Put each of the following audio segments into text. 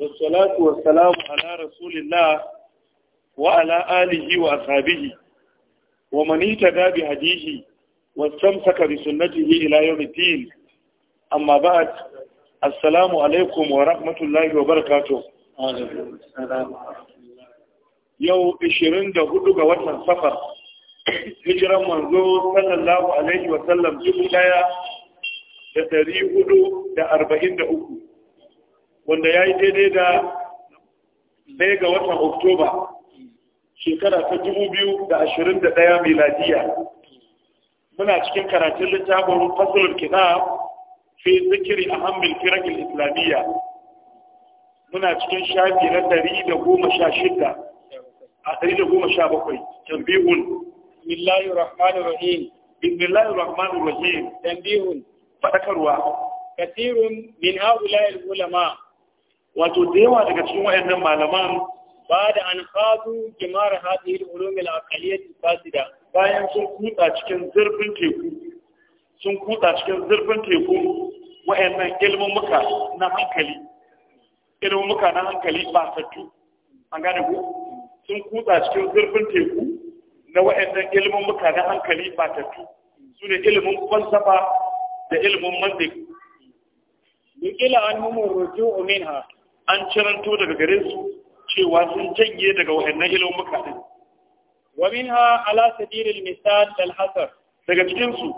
والصلاة والسلام على رسول الله وعلى آله وأصحابه ومن اهتدى بهديه واستمسك بسنته إلى يوم الدين أما بعد السلام عليكم ورحمة الله وبركاته yau 24 ga watan safar hijiran manzo sallallahu alaihi wasallam dubu daya da dari hudu da arba'in da uku wanda ya yi daidai da ɗaya ga watan oktoba shekara ta dubu biyu da ashirin da ɗaya miladiya muna cikin karatun littafin fasulun kina fi zikiri a hamil firagin islamiyya muna cikin shafi na ɗari da goma sha shida a ɗari da goma sha bakwai tambihun bismillahir Rahmanu rahim bismillahir Rahmanu rahim tambihun fadakarwa kasirun min haula ulama wato da yawa daga cikin wayannan malaman ba da an haɗu kimar hadhihi al-ulum al fasida bayan sun kuta cikin zurfin teku sun kuta cikin zurfin teku wayannan ilmin muka na hankali ilmin muka na hankali ba sattu an gane ku sun kuta cikin zurfin teku na wayannan ilmin muka na hankali ba sattu sune ilmin falsafa da ilmin mantiq Nukila an Rojo ruju'u minha an ciranto daga gare su cewa sun janye daga wahannan ilon din Wamin ha ala sabirin misal al hasar daga cikinsu,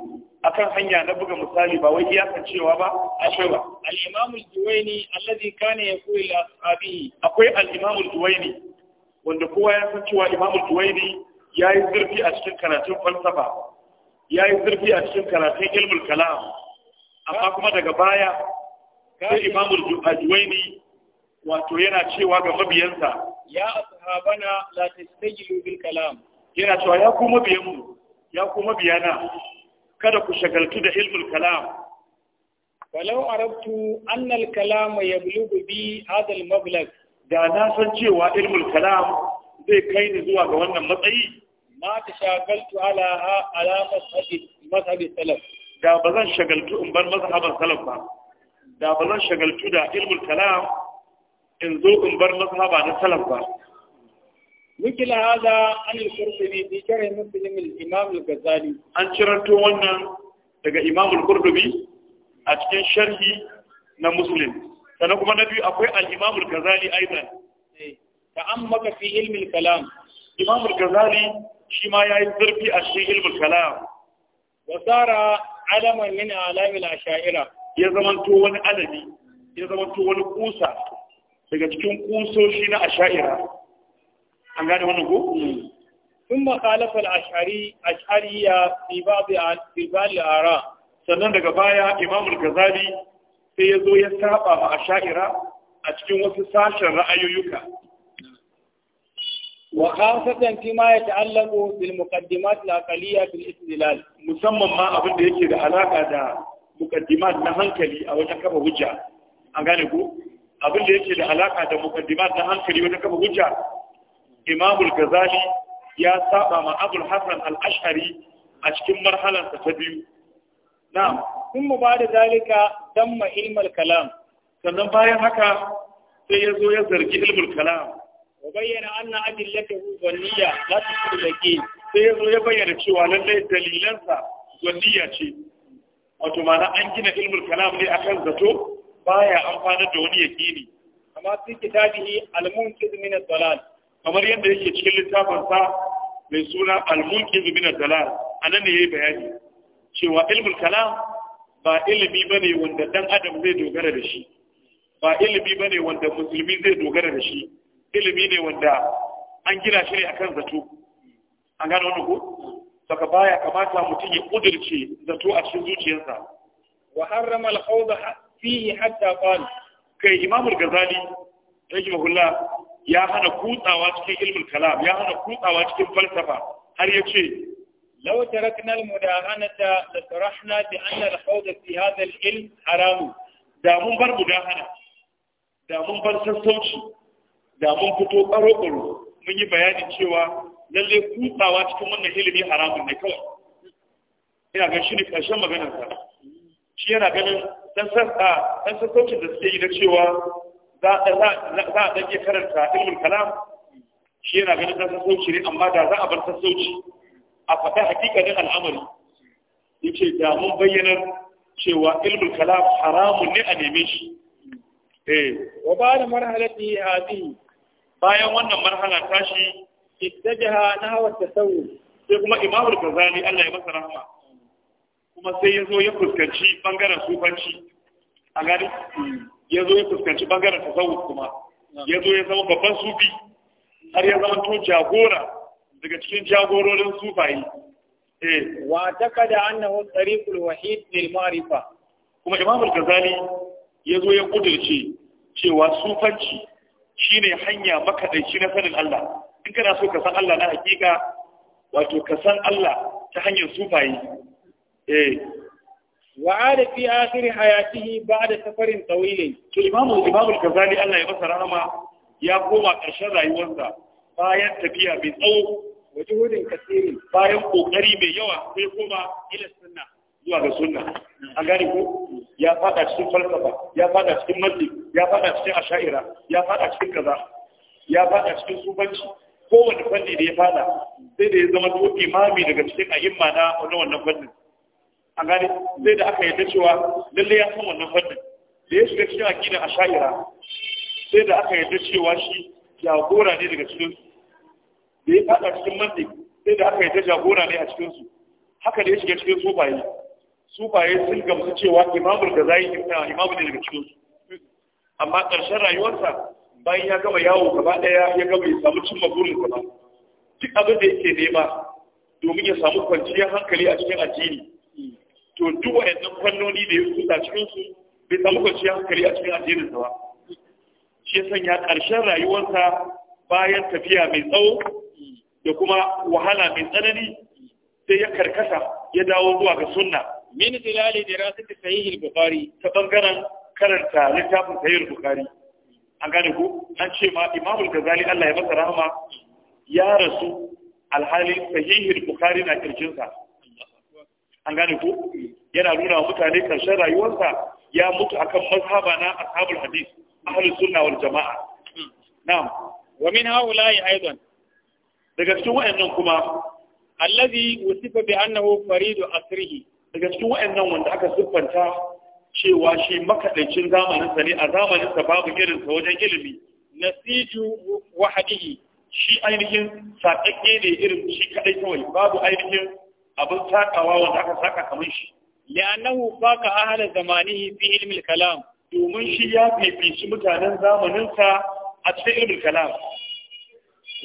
a akan hanya na buga misali ba wai iyakan cewa ba a shewa al imam al juwayni alladhi kana koyi li akwai al imam al wanda kowa ya san cewa imamul al ya yi zurfi a cikin karatun falsafa ya yi zurfi a cikin karatun ilmul kalam amma kuma daga baya sai imam al juwayni wato yana cewa ga mabiyansa ya ashabana la tastajilu bil kalam yana cewa ya ku mabiyanmu ya ku mabiyana kada ku shagaltu da ilmul kalam walau arabtu anna al kalam yablughu bi hadha al mablagh da na san cewa ilmul kalam zai kai ni zuwa ga wannan matsayi ma ta shagaltu ala ala mazhabi salaf da ba zan shagaltu in bar mazhaban salaf ba da ba zan shagaltu da ilmul kalam in zo in bar ba na salaf ba مثل هذا عن القرطبي في شرح مسلم الإمام الغزالي An ciranto wannan daga Imam al a cikin sharhi na musulun. sannan kuma na biyu akwai al-Imam al-Ghazali aidan eh, ta amma fi ilmin kalam Imam al shi ma ya yi zurfi a cikin ilmin kalam wa sara alaman min alami a Shaira. ya zamanto wani alami ya zamanto wani kusa daga cikin kusoshi na asha'ira an gane wannan ko sun makalafa al'ashariya fi ba'ad sannan daga baya imamul gazali sai ya zo ya saba a asha'ira a cikin wasu sashen ra'ayoyuka wa khasatan fi ma yata'allaqu bil muqaddimat al aqliyya bil istidlal musamman ma abin da yake da alaka da muqaddimat na hankali a wajen kafa hujja an gane ko abin da yake da alaka da mukaddimat na hankali wata kafa hujja imamul ghazali ya saba ma abul hasan al-ash'ari a cikin marhalarsa ta biyu na'am kun mu bada dalika dan damma ilmal kalam sannan bayan haka sai yazo ya zargi ilmul kalam wa bayyana anna adillatahu wanniya la tusiru laki sai yazo ya bayyana cewa lallai dalilansa wanniya ce wato ma'ana an gina ilmul kalam ne akan zato baya amfanar da wani yakini kama fi kitabihi al-munqidh min ad-dalal kamar yadda yake cikin littafin sa mai suna al-munqidh min ad-dalal anan ne yayi bayani cewa ilmul kalam ba ilimi bane wanda dan adam zai dogara da shi ba ilimi bane wanda musulmi zai dogara da shi ilimi ne wanda an gina shi ne akan zato an gano wannan ko saka baya kamata mutum ya kudirce zato a cikin zuciyarsa wa harrama al-khawda fihi hatta qala kai imam al-ghazali rahimahullah ya hana kutsawa cikin ilmin kalam ya hana kutsawa cikin falsafa har yace law tarakna al-mudahanata la sarahna bi anna al-hawd fi hadha al-ilm haram da mun bar mudahana da mun bar sassauci da mun fito karo karo mun yi bayanin cewa lalle kutsawa cikin wannan ilimi haramun ne kawai ina ga shi ne karshen maganarsa shi yana ganin dan sassa dan sassaucin da suke yi na cewa za a ɗan iya karanta ilmin kalam shi yana ganin dan sassauci ne amma da za a bar sassauci a faɗa hakikanin al'amari yace da mun bayyana cewa ilmin kalam haramun ne a neme shi eh wa ba da marhalati hadi bayan wannan marhala tashi ittajaha nahwa tasawuf sai kuma imamul ghazali Allah ya masa rahma kuma sai ya zo ya fuskanci bangaren sufanci a gari ya zo ya fuskanci bangaren tasawuf kuma ya zo ya zama babban sufi har ya zama to jagora daga cikin jagororin sufayi eh wa takada annahu tariqul wahid lil ma'rifa kuma imam al-ghazali ya zo ya kudurce cewa sufanci shine hanya makadaici na sanin Allah in kana so ka san Allah na hakika wato ka san Allah ta hanyar sufayi وعاد في آخر حياته بعد سفر طويل الإمام الإمام الغزالي الله يبصر رحمه يا قوم أرشد يوزع bayan tafiya mai tsawo wa juhudin kasiri bayan kokari mai yawa sai koma ila sunna zuwa ga sunna an ko ya fada cikin falsafa ya fada cikin mantiq ya fada cikin asha'ira ya fada cikin kaza ya fada cikin sufanci kowane fanni da ya fada sai da ya zama to imami daga cikin a'imma na wannan fannin a gani sai da aka yarda cewa lalle ya san wannan fannin da ya shiga cikin aƙida a sha'ira sai da aka yarda cewa shi jagora ne daga cikin da ya fada cikin mandi sai da aka yarda jagora ne a cikin su haka da ya shiga cikin sufaye sufaye sun gamsu cewa imamul gazali imamu ne daga cikin su amma ƙarshen rayuwarsa bayan ya gama yawo gaba ɗaya ya gama ya samu cimma burin ba duk abin da yake nema domin ya samu kwanciyar hankali a cikin addini to duk wayannan kwalloni da ya kusa cikin su bai samu kwanciyar hankali a cikin addinin sa ba shi ya sanya ƙarshen rayuwarsa bayan tafiya mai tsawo da kuma wahala mai tsanani sai ya karkasa ya dawo zuwa ga sunna min tilali da rasu ta sayi bukhari ta bangaren karanta littafin sayi bukhari an gane ku an ce ma imamul gazali Allah ya masa rahama ya rasu alhali sahihul bukhari na kirjinsa an gane ko yana nuna wa mutane karshen rayuwarsa ya mutu akan mazhaba na ashabul hadis ahlus sunna wal jamaa na'am wa min haula'i aidan daga cikin wayannan kuma allazi wasifa bi annahu faridu asrihi daga cikin wayannan wanda aka siffanta cewa shi makadaicin zamanin sa ne a zamanin sa babu irin sa wajen ilimi nasiju wahadihi shi ainihin sakakke ne irin shi kaɗai kawai babu ainihin abin sakawa wanda aka saka kamar shi li'annahu faqa ahla zamanihi fi ilmi al-kalam domin shi ya fifici mutanen zamanin sa a cikin ilmi al-kalam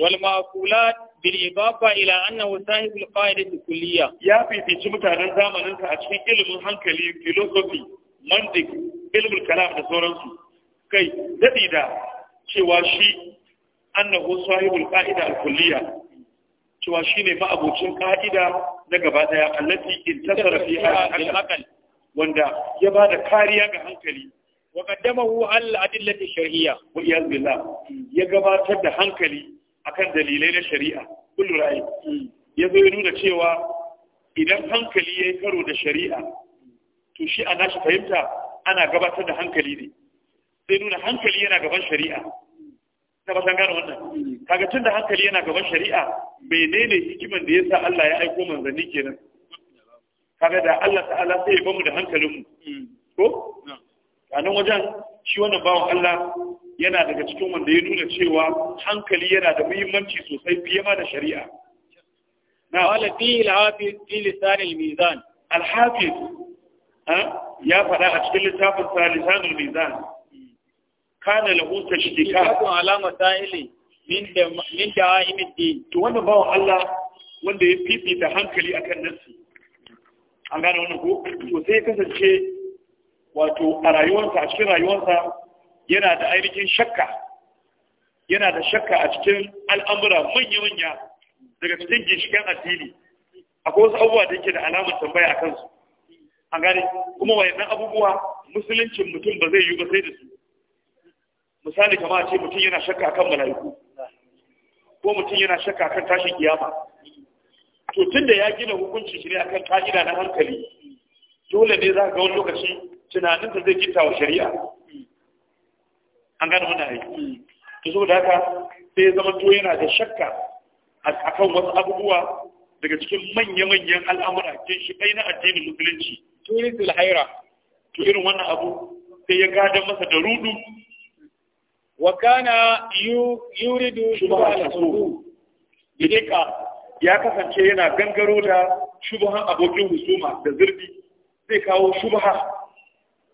wal maqulat bil ibafa ila annahu sahibul qa'idah kulliya. ya fifici mutanen zamanin sa a cikin ilimin hankali philosophy mantiq ilmi al-kalam da sauransu kai dadi da cewa shi annahu sahibul qa'ida al kulliya, cewa shi shine ma'abucin qa'ida na gaba daya allati intasara fi al-aqal wanda ya ba da kariya ga hankali wa qaddamahu al-adillati shar'iyya wa iyaz billah ya gabatar da hankali akan dalilai na shari'a kullu ra'ayi hmm. ya zo ya nuna cewa idan hankali yayi karo da shari'a to shi a nashi fahimta ana gabatar da hankali ne sai nuna hankali yana gaban shari'a ta ba tun gane wannan kaga tunda hankali yana gaban shari'a menene hikiman da yasa Allah ya aiko manzanni kenan kaga da Allah ta'ala sai ya bamu da hankalin mu ko a nan wajen shi wannan bawan Allah yana daga cikin wanda ya nuna cewa hankali yana da muhimmanci sosai fiye ma da shari'a na wala fi al fi lisan mizan al ya faɗa a cikin littafin sa lisan mizan kana lahu tashdika ko alama ta'ili min da min da'imin din to wannan bawon Allah wanda ya fifita hankali akan nafsi an gane wannan ko to sai kasance wato a rayuwarsa a cikin rayuwarsa yana da ainihin shakka yana da shakka a cikin al'amura manya-manya daga cikin ginshikan addini akwai wasu abubuwa da yake da alamar tambaya a kansu an gane kuma wayannan abubuwa musuluncin mutum ba zai yi ba sai da su misali kamar ce mutum yana shakka kan mala'iku ko mutum yana shakka kan tashin kiyama to tunda ya gina hukunci shi ne akan ka'ida na hankali dole ne za ka ga wani lokaci tunanin da zai kitawa shari'a an gane wannan ai to saboda haka sai zama to yana da shakka akan wasu abubuwa daga cikin manya-manyan al'amura kin shi kai na addinin musulunci turisul haira to irin wannan abu sai ya gada masa da rudu wa yuridu shubha al-sundu bidika ya kasance yana gangaro da shubhan abokin husuma da zurbi zai kawo shubha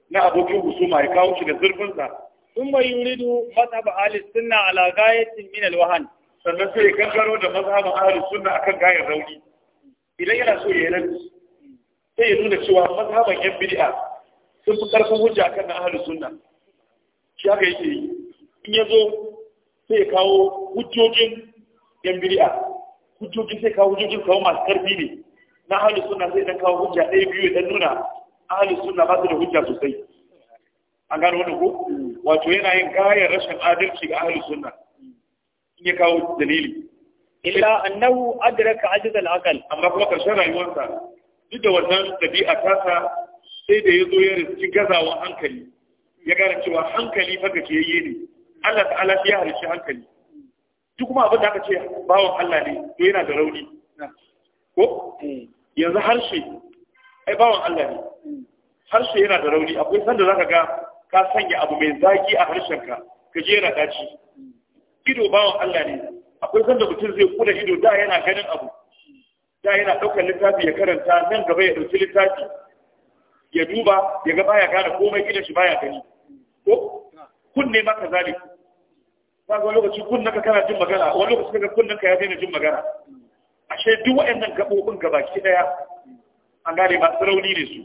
na abokin husuma ya kawo shi da zurfinsa ثم يريد مذهب أهل السنة على غاية من الوهن sannan sai ya kankaro da mazhabin ahlus sunna akan gayar rauni idan yana so ya rantsi sai ya nuna cewa mazhaban yan bid'a sun fi karfin hujja akan na ahlus sunna shi haka yake yi in ya zo sai kawo hujjojin yan biri'a hujjojin sai kawo hujjojin kawo masu karfi ne na ahalus sunna sai dan kawo hujja ɗaya biyu dan nuna ahalus sunna ba su da hujja sosai an gano wani ko wato yana yin gayar rashin adalci ga ahalus sunna in ya kawo dalili illa annahu adraka ajiz al-aqal amma kuma karshen rayuwarsa duk da wannan dabi'a tasa sai da ya zo ya rinci gazawa hankali ya gane cewa hankali fa yi ne Allah ta'ala shi ya halicci hankali duk kuma abin da aka ce bawan Allah ne to yana da rauni ko yanzu harshe ai bawan Allah ne harshe yana da rauni akwai sanda zaka ga ka sanya abu mai zaki a harshenka ka je yana daci ido bawan Allah ne akwai sanda mutum zai kula ido da yana ganin abu da yana ɗaukar littafi ya karanta nan gaba ya ɗauki littafi ya duba ya ga baya gane komai idan shi baya gani ko kunne ma ka zali za ga lokaci kunnen ka kana jin magana wani lokaci kaga kunnen ka ya daina jin magana ashe duk waɗannan gaɓoɓin gabaki ɗaya an gane masu rauni ne su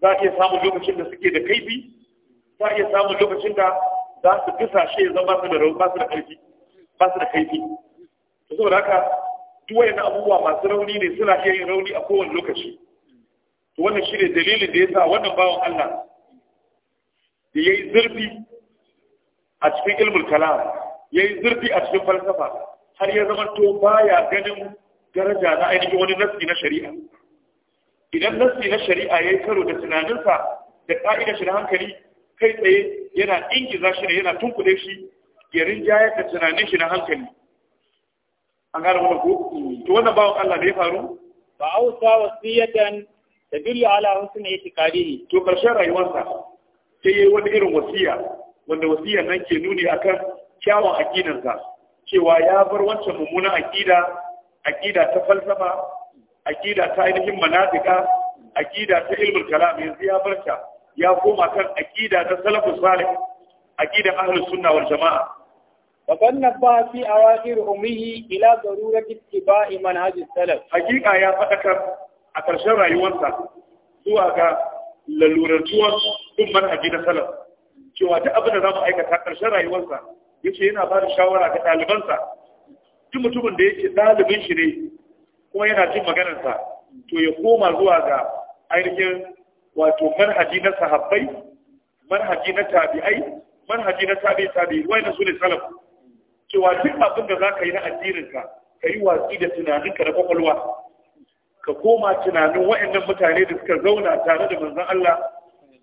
za ka samu samun lokacin da suke da kaifi za ka iya samun lokacin da za su gisa shi ya zama su da rauni ba su da ƙarfi ba su da kaifi to saboda haka duk waɗannan abubuwa masu rauni ne suna iya yin rauni a kowane lokaci to wannan shine dalilin da ya sa wannan bawan Allah da ya yi zurfi a cikin ilmul kalam yayi zurfi a cikin falsafa har ya zama to baya ganin daraja na ainihin wani nasi na shari'a idan nasi na shari'a ya yi karo da tunaninsa da ka'idar shi na hankali kai tsaye yana ingiza shi ne yana tunkuɗe shi ya rinjayar da tunanin shi na hankali an gane wani ko to wannan bawan Allah ne ya faru fa ausa wasiyatan tadullu ala husni itiqadihi to karshen rayuwarsa sai yayi wani irin wasiya wanda wasiyan nan ke nuni akan kyawun aƙidansa cewa ya bar wancan mummunan aƙida aƙida ta falsafa aƙida ta ainihin manatika aƙida ta ilmul kalam yanzu ya bar ta ya koma kan aƙida ta salafin salih aƙidan ahlus sunna wal jama'a wa kana ba fi awakhir umrihi ila darurati ittiba'i manhajis salaf haqiqa ya fadakar a karshen rayuwarsa zuwa ga lalurantuwar dukkan na salaf cewa duk abin da za mu aikata ƙarshen rayuwarsa ya ce yana ba da shawara ga ɗalibansa duk mutumin da yake ɗalibin shi ne kuma yana jin maganarsa to ya koma zuwa ga ainihin wato manhaji na sahabbai manhaji na tabi'ai manhaji na tabi tabi wai na su ne salaf cewa duk abin da za ka yi na addininka ka yi watsi da tunaninka da kwakwalwa ka koma tunanin waɗannan mutane da suka zauna tare da manzon Allah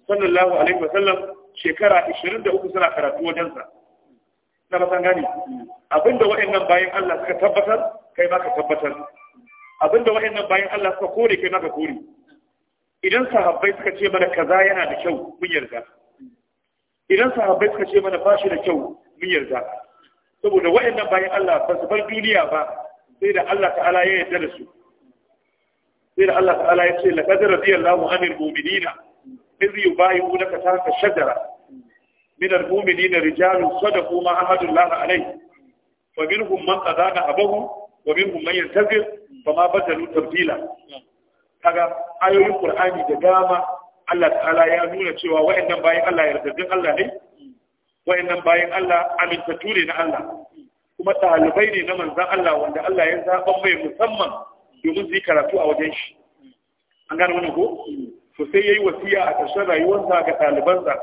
sallallahu alaihi wasallam shekara 23 suna karatu wajensa na ba san gani abinda waɗannan bayan Allah suka tabbatar kai ma ka tabbatar abinda waɗannan bayan Allah suka kore kai ma ka kore idan sahabbai suka ce mana kaza yana da kyau mun yarda idan sahabbai suka ce mana bashi da kyau mun yarda saboda waɗannan bayan Allah ba su bar duniya ba sai da Allah ta'ala ya yarda da su sai da Allah ta'ala ya ce laqad radiyallahu anil mu'minina iz yubayi'unaka tahta shajara min al-mu'minina rijalun sadaqu ma alai. alayhi fa minhum man qadana abahu wa minhum man yantazir fa ma badalu tabdila kaga ayoyin qur'ani da dama Allah ta'ala ya nuna cewa wayannan bayan Allah yardaddin Allah ne wayannan bayan Allah amintattu ne na Allah kuma ɗalibai ne na manzan Allah wanda Allah ya zaɓa mai musamman domin su yi karatu a wajen shi an gane wani ko to sai yayi wasiya a ƙarshen rayuwarsa ga ɗalibansa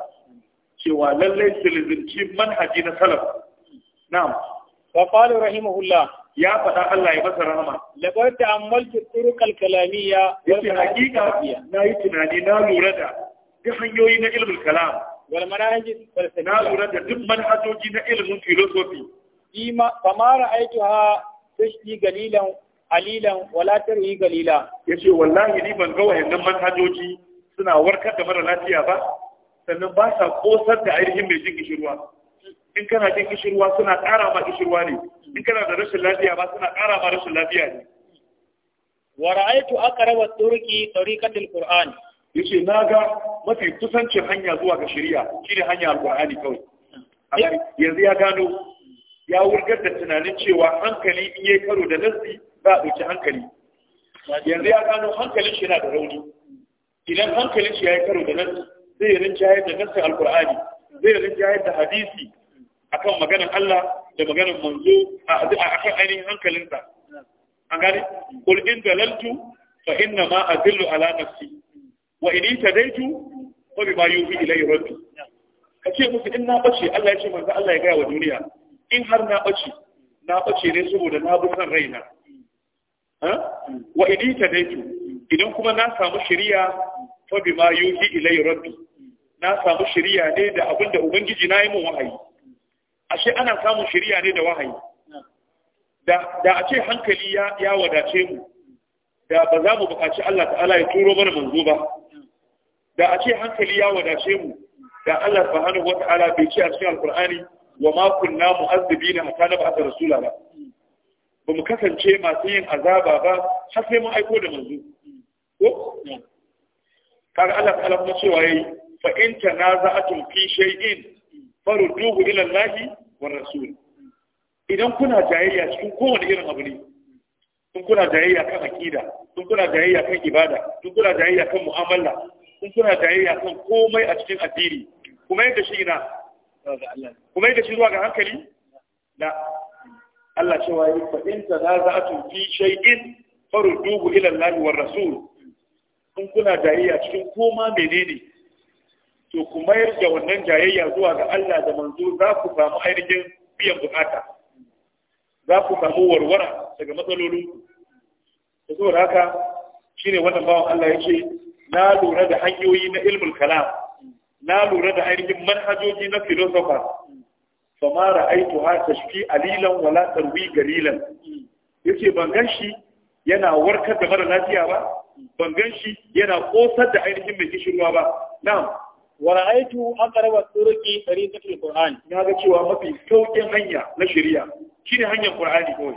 cewa lallai su lizinci manhaji na salaf na'am wa qala rahimahullah ya faɗa Allah ya masa rahama laqad ta'ammaltu turuq al-kalamiyya wa haqiqa na yi tunani na lura da duk hanyoyi na ilmul kalam wal manhaji na lura da duk manhajoji na ilmin filosofi ima famara aituha tashdi galilan alilan wala tarhi galila yace wallahi ni ban ga wayannan manhajoji suna warkar da mara lafiya ba sannan ba sa kosar da ainihin mai jin kishirwa in kana jin kishirwa suna ƙara ma kishirwa ne in kana da rashin lafiya ba suna ƙara ma rashin lafiya ne wa ra'aytu aqrabu turqi Ya qur'an yace naga mafi kusancin hanya zuwa ga shari'a shine hanya alqur'ani kawai eh. yanzu ya gano ya wurgar da tunanin cewa hankali in yayi karo da nazi ba a ɗauki hankali yanzu ya gano hankalin shi na da rauni idan hankalin shi ya yi karo da nan zai yi rinjayar da nassin alkur'ani zai yi rinjayar da hadisi a kan maganar Allah da maganar manzo a kan ainihin hankalinsa an gane kul in dalaltu fa inna ma adillu ala nafsi wa in tadaitu wa bima yuhi ilayhi rabbi kace musu in na bace Allah ya ce manzo Allah ya gaya wa duniya in har na bace na bace ne saboda na bi san raina wa in tadaitu idan kuma na samu shari'a fa bima yuhi ilayya rabbi na samu shiriya ne da abin da ubangiji na yi min wahayi ashe ana samun shiriya ne da wahayi da da a ce hankali ya ya wadace mu da ba za mu buƙaci Allah ta'ala ya turo mana manzo ba da a ce hankali ya wadace mu da Allah subhanahu wata'ala bai ce a cikin alqur'ani wa ma kunna mu'azzibina hatta nab'atha rasula ba bamu kasance masu yin azaba ba har sai mun aiko da manzo ko kaga Allah ta'ala kuma cewa yayi fa in tanaza'atum fi shay'in farudduhu ila Allah wa rasul idan kuna jayayya cikin kowane irin abu ne in kuna jayayya kan akida in kuna jayayya kan ibada in kuna jayayya kan mu'amala in kuna jayayya kan komai a cikin addini kuma yadda shi ina kuma yadda shi zuwa ga hankali da Allah cewa yi fa in tanaza'atum fi shay'in farudduhu ila Allah wa rasul in kuna jayayya cikin koma menene to ku mayar da wannan jayayya zuwa ga Allah da manzo za ku samu ainihin biyan bukata za ku samu warwara daga matsalolinku da saboda haka shine wannan bawan Allah yake na lura da hanyoyi na ilmul kalam na lura da ainihin manhajoji na philosopher fa ma ra'aytu ha tashfi alilan wala tarwi galilan yace ban gan shi yana warkar da mara lafiya ba ban gan shi yana kosar da ainihin mai kishirwa ba na'am wa ra'aytu aqraba turuqi tariqatil qur'an na ga cewa mafi sauƙin hanya na shari'a shine hanyar qur'ani kawai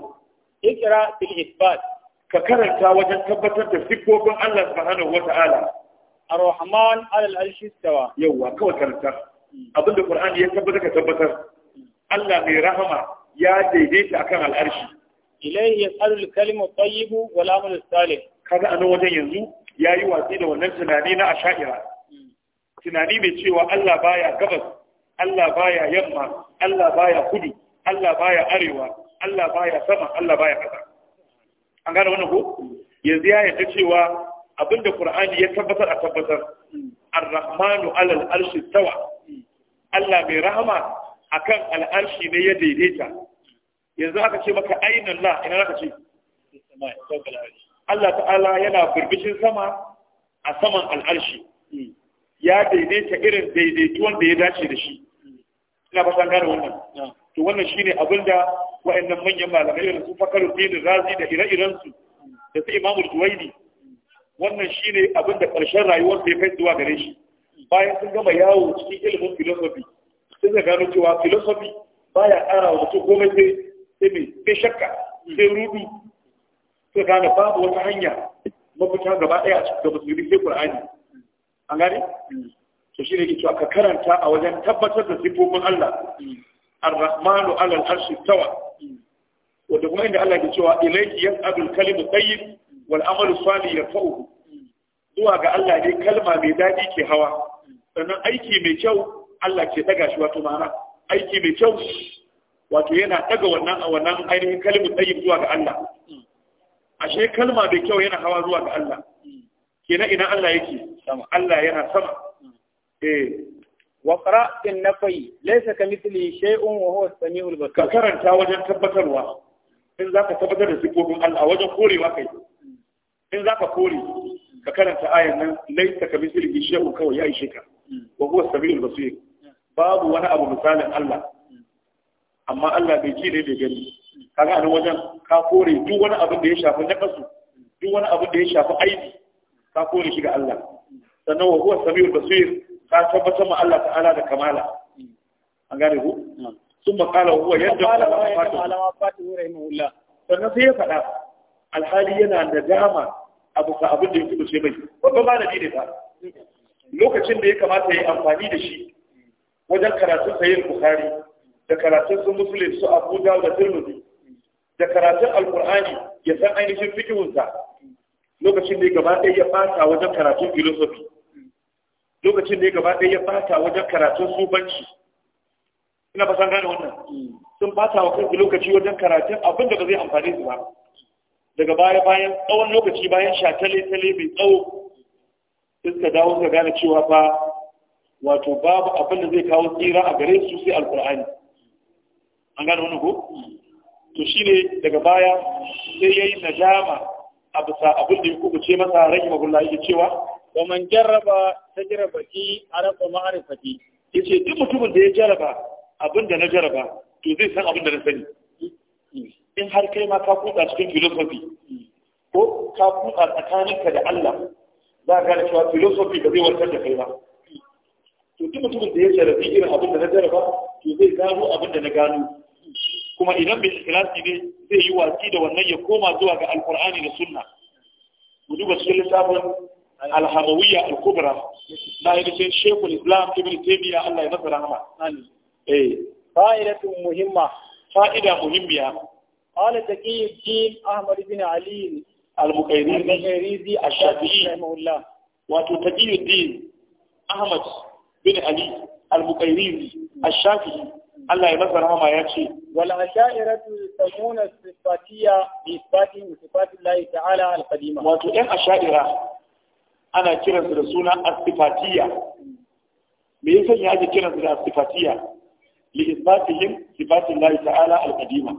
ikra bil isbat ka karanta wajen tabbatar da sifofin Allah subhanahu wata'ala ar-rahman 'ala al-arshi istawa yawa kawai karanta hmm. abinda qur'ani ya tabbatar ka tabbatar hmm. Allah mai rahama ya daidaita akan al'arshi ilayhi yas'alu al-kalimu at-tayyib wal 'amalu as-salih kaga a nan wajen yanzu ya yi watsi da wannan tunani na asha'ira tunani mai cewa Allah baya gabas Allah baya yamma Allah baya kudu Allah baya arewa Allah baya sama Allah baya ƙasa an gane wannan ko yanzu ya yarda cewa abinda Qur'ani ya tabbatar a tabbatar Ar-Rahmanu 'alal arshi tawa Allah mai rahama akan al'arshi ne ya daidaita yanzu aka ce maka ainihin la ina aka ce Allah ta'ala yana birbishin sama a saman al'arshi ya daidaita irin daidaituwan da ya dace da shi ina fatan gane wannan to wannan shine abin da manyan malamai irin su da Razi da ire-iren su da su imamu Juwaini wannan shine abinda da ƙarshen rayuwar sai kai zuwa gare shi bayan sun gama yawo cikin ilimin philosophy sun ga gano cewa philosophy baya ƙara wa mutum komai sai sai shakka sai rudu sai gane babu wata hanya mafita gaba ɗaya ga musulmi sai Qur'ani an gane to shi ne ke cewa ka karanta a wajen tabbatar da sifofin Allah ar-rahmanu ala al-arshi tawa wanda kuma inda Allah ke cewa ilayki yas'abul kalimu tayyib wal amalu salih yarfa'uhu zuwa ga Allah ne kalma mai daɗi ke hawa sannan aiki mai kyau Allah ke daga shi wato ma'ana aiki mai kyau wato yana daga wannan a wannan ainihin kalmar tsayin zuwa ga Allah ashe kalma da kyau yana hawa zuwa ga Allah kenan ina Allah yake sama Allah yana sama eh wa qara in nafai laysa kamithli shay'un wa huwa as-sami'ul basir ka karanta wajen tabbatarwa in zaka tabbatar da sifofin Allah wajen korewa kai in zaka kore ka karanta ayan nan laysa kamithli shay'un kawai ya ishe ka wa huwa as-sami'ul basir babu wani abu misalin Allah amma Allah bai ji ne bai gani kaga a nan wajen ka kore duk wani abin da ya shafi kasu duk wani abin da ya shafi aiki, ka kore shi ga Allah sannan wa huwa samiul basir ka tabbata ma Allah ta'ala da kamala an gane ku sun kala huwa yadda Allah fatihu rahimahullah sannan sai ya faɗa alhali yana da dama abu ka abin da ya sai mai babban malami ne ba lokacin da ya kamata ya yi amfani da shi wajen karatun sayen bukhari da karatun sun musulun su abu da da tirmidhi da karatun alkur'ani ya san ainihin fikihunsa lokacin ne gaba ɗaya ya fata wajen karatun filosofi lokacin ne gaba ɗaya ya fata wajen karatun sufanci ina ba san gane wannan sun fata wa kansu lokaci wajen karatun abin da ba zai amfani su ba daga baya bayan tsawon lokaci bayan shatale-tale mai tsawo suka dawo ka gane cewa fa wato babu abin da zai kawo tsira a gare su sai alkur'ani an gane wannan ko to shi ne daga baya sai ya yi na jama a bisa abin da ya kubuce masa rage magulla yake cewa wa man jarraba tajrabati arafa Ya ce, duk mutumin da ya jarraba abin da na jarraba to zai san abin da na sani in har kai ma ka kuka cikin filosofi ko ka kuka tsakaninka da Allah za ka gane cewa filosofi ba zai warkar da kai ba to duk mutumin da ya jarrabi irin abin da na jarraba to zai gano abin da na gano kuma idan bai ikilasi ne zai yi watsi da wannan ya koma zuwa ga alkur'ani da sunna mu duba cikin littafin alhamawiyya alkubra al-kubra na yi cikin shekul islam ibn taymiya Allah ya nasara hama eh fa'idatun muhimma fa'ida muhimmiya قال تقي الدين al بن al المقيريزي الشافعي رحمه din ahmad ibn ali al علي al shafii Allah ya nasara hama ya ce والأشاعرة يسمون الصفاتية بإثبات صفات الله تعالى القديمة واتو إن أشاعرة أنا كيرا رسولنا الصفاتية ميسا يأتي كيرا الصفاتية لإثباتهم صفات الله تعالى القديمة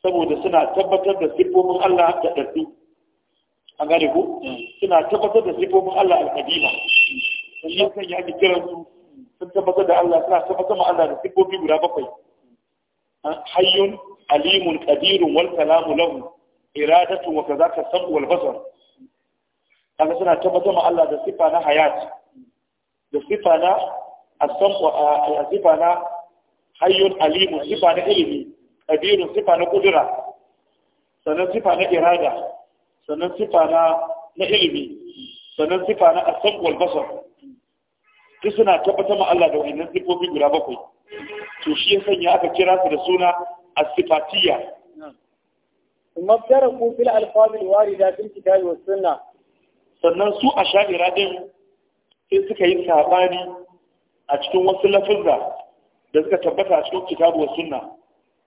saboda suna tabbatar da siffofin Allah da ɗarfi an gane ku suna tabbatar da siffofin Allah al-qadima sannan kan ya ake kiran sun tabbatar da Allah suna tabbatar ma Allah guda bakwai hayyun alimun qadirun wal kalamu lahu iradatu wa kadhaka sabu wal basar kaga suna tabbatar ma Allah da sifa na hayat da sifa na asambu a sifa na hayyun alimun na ilimi qadirun na kudura sannan na irada sannan na asambu wal basar duk ma Allah da bakwai to shi ya sanya aka kira su da suna asifatiya mabdaraku fil da warida fil kitabi wasu suna. sannan su a sha'ira din sai suka yi sabani a cikin wasu lafiza da suka tabbata a cikin kitabu was sunna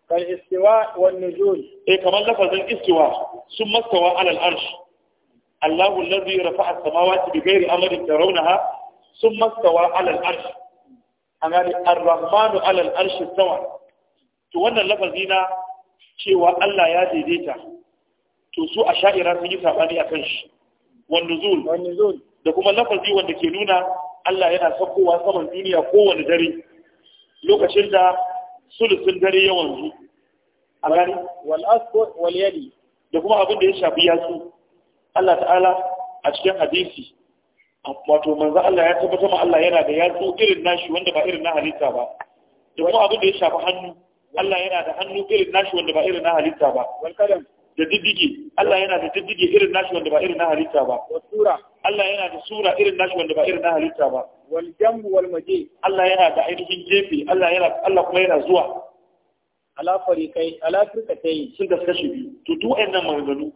kal istiwa wan nuzul eh kamar lafazin istiwa sun mastawa ala al arsh Allahu alladhi rafa'a as-samawati bighairi amadin tarawnaha sun mastawa alal al arsh an rahmanu alal arshi sama. to wannan lafazi na cewa Allah ya daidaita to su a sha'ira sun yi sabani akan shi wan nuzul da kuma lafazi wanda ke nuna Allah yana saukowa saman duniya kowane dare lokacin da sulusun dare ya a gani wal asqu da kuma abin da ya shafi yatsu Allah ta'ala a cikin hadisi wato manzo Allah ya tabbata ma Allah yana da yatsu irin nashi wanda ba irin na halitta ba da kuma abin da ya shafi hannu Allah yana da hannu irin nashi wanda ba irin na halitta ba da diddige Allah yana da diddige irin nashi wanda ba irin na halitta ba sura Allah yana da sura irin nashi wanda ba irin na halitta ba wal jamu wal maji Allah yana da ainihin jefi Allah yana Allah kuma yana zuwa ala fariqai ala firqatai sun da kashi biyu to duk wayannan maganganu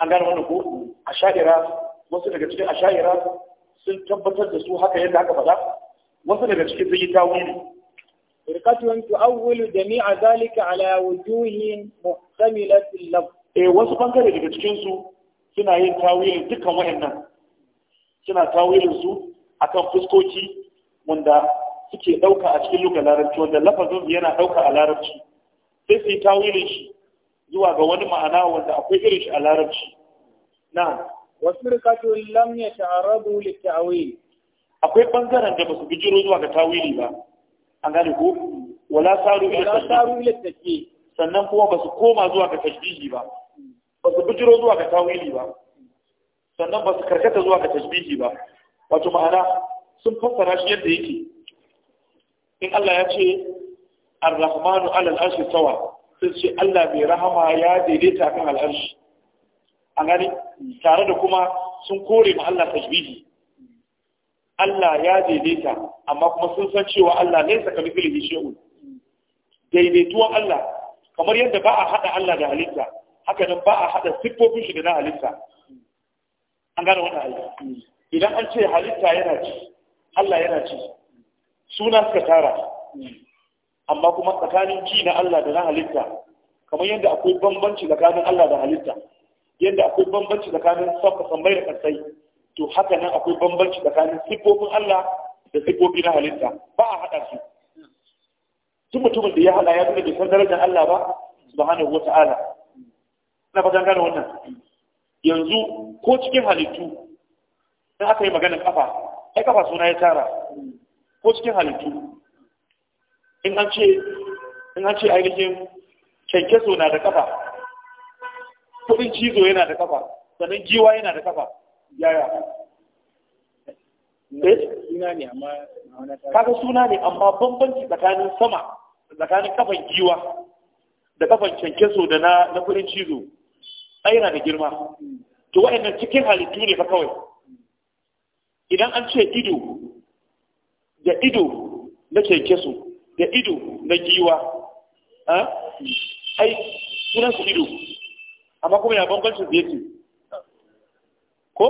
an gane wannan ko a sha'ira wasu daga cikin asha'ira sun tabbatar da su haka yadda aka faɗa wasu daga cikin sun yi tawili firqatun tu'awwilu jami'a zalika ala wujuhin muhtamilatil lafz eh wasu bangare daga cikin su suna yin tawilin dukkan wayannan suna tawilin su akan fuskoki wanda suke dauka a cikin lugar larabci wanda lafazin yana dauka a larabci sai su yi tawilin shi zuwa ga wani ma'ana wanda akwai irin shi a larabci na'am Wasu وفرقة لم يتعرضوا للتأويل akwai bangaren da basu bijiro zuwa ga tawili ba an gane ko wala saru ila saru ila take sannan kuma basu koma zuwa ga tashbihi ba basu bijiro zuwa ga tawili ba sannan basu karkata zuwa ga tashbihi ba wato ma'ana sun fassara shi yadda yake in Allah ya ce ar-rahmanu alal al-arshi tawa sai ce Allah mai rahama ya daidaita kan al A gani, tare da kuma sun kore ma Allah tajbihi Allah ya daidaita amma kuma sun san cewa Allah ne saka da shay'un daidaituwan Allah kamar yadda ba a haɗa Allah da halitta haka nan ba a haɗa siffofin shi da na halitta an gane wannan ayi idan an ce halitta yana ci Allah yana ci suna suka tara amma kuma tsakanin ji na Allah da na halitta kamar yadda akwai bambanci tsakanin Allah da halitta yadda akwai bambanci tsakanin sammai da kasai to haka nan akwai bambanci tsakanin sifofin Allah da sifofi na halitta ba a haɗa su tun mutumin da ya haɗa ya nuna bai san darajar Allah ba subhanahu wa ta'ala ina fatan gane wannan yanzu ko cikin halittu in aka yi maganar kafa ai kafa suna ya tara ko cikin halittu in an ce in an ce ainihin kyankyaso na da kafa kudin cizo yana da kafa sannan jiwa yana da kafa yaya eh? kaga suna ne amma bambanci tsakanin sama tsakanin kafan jiwa da kafan kyankyaso da na na kudin cizo ai yana da girma to wa'annan cikin halittu ne fa kawai idan an ce ido da ido na kyankyaso da ido na giwa eh? ai sunan su ido amma kuma ya bambancin da yake ko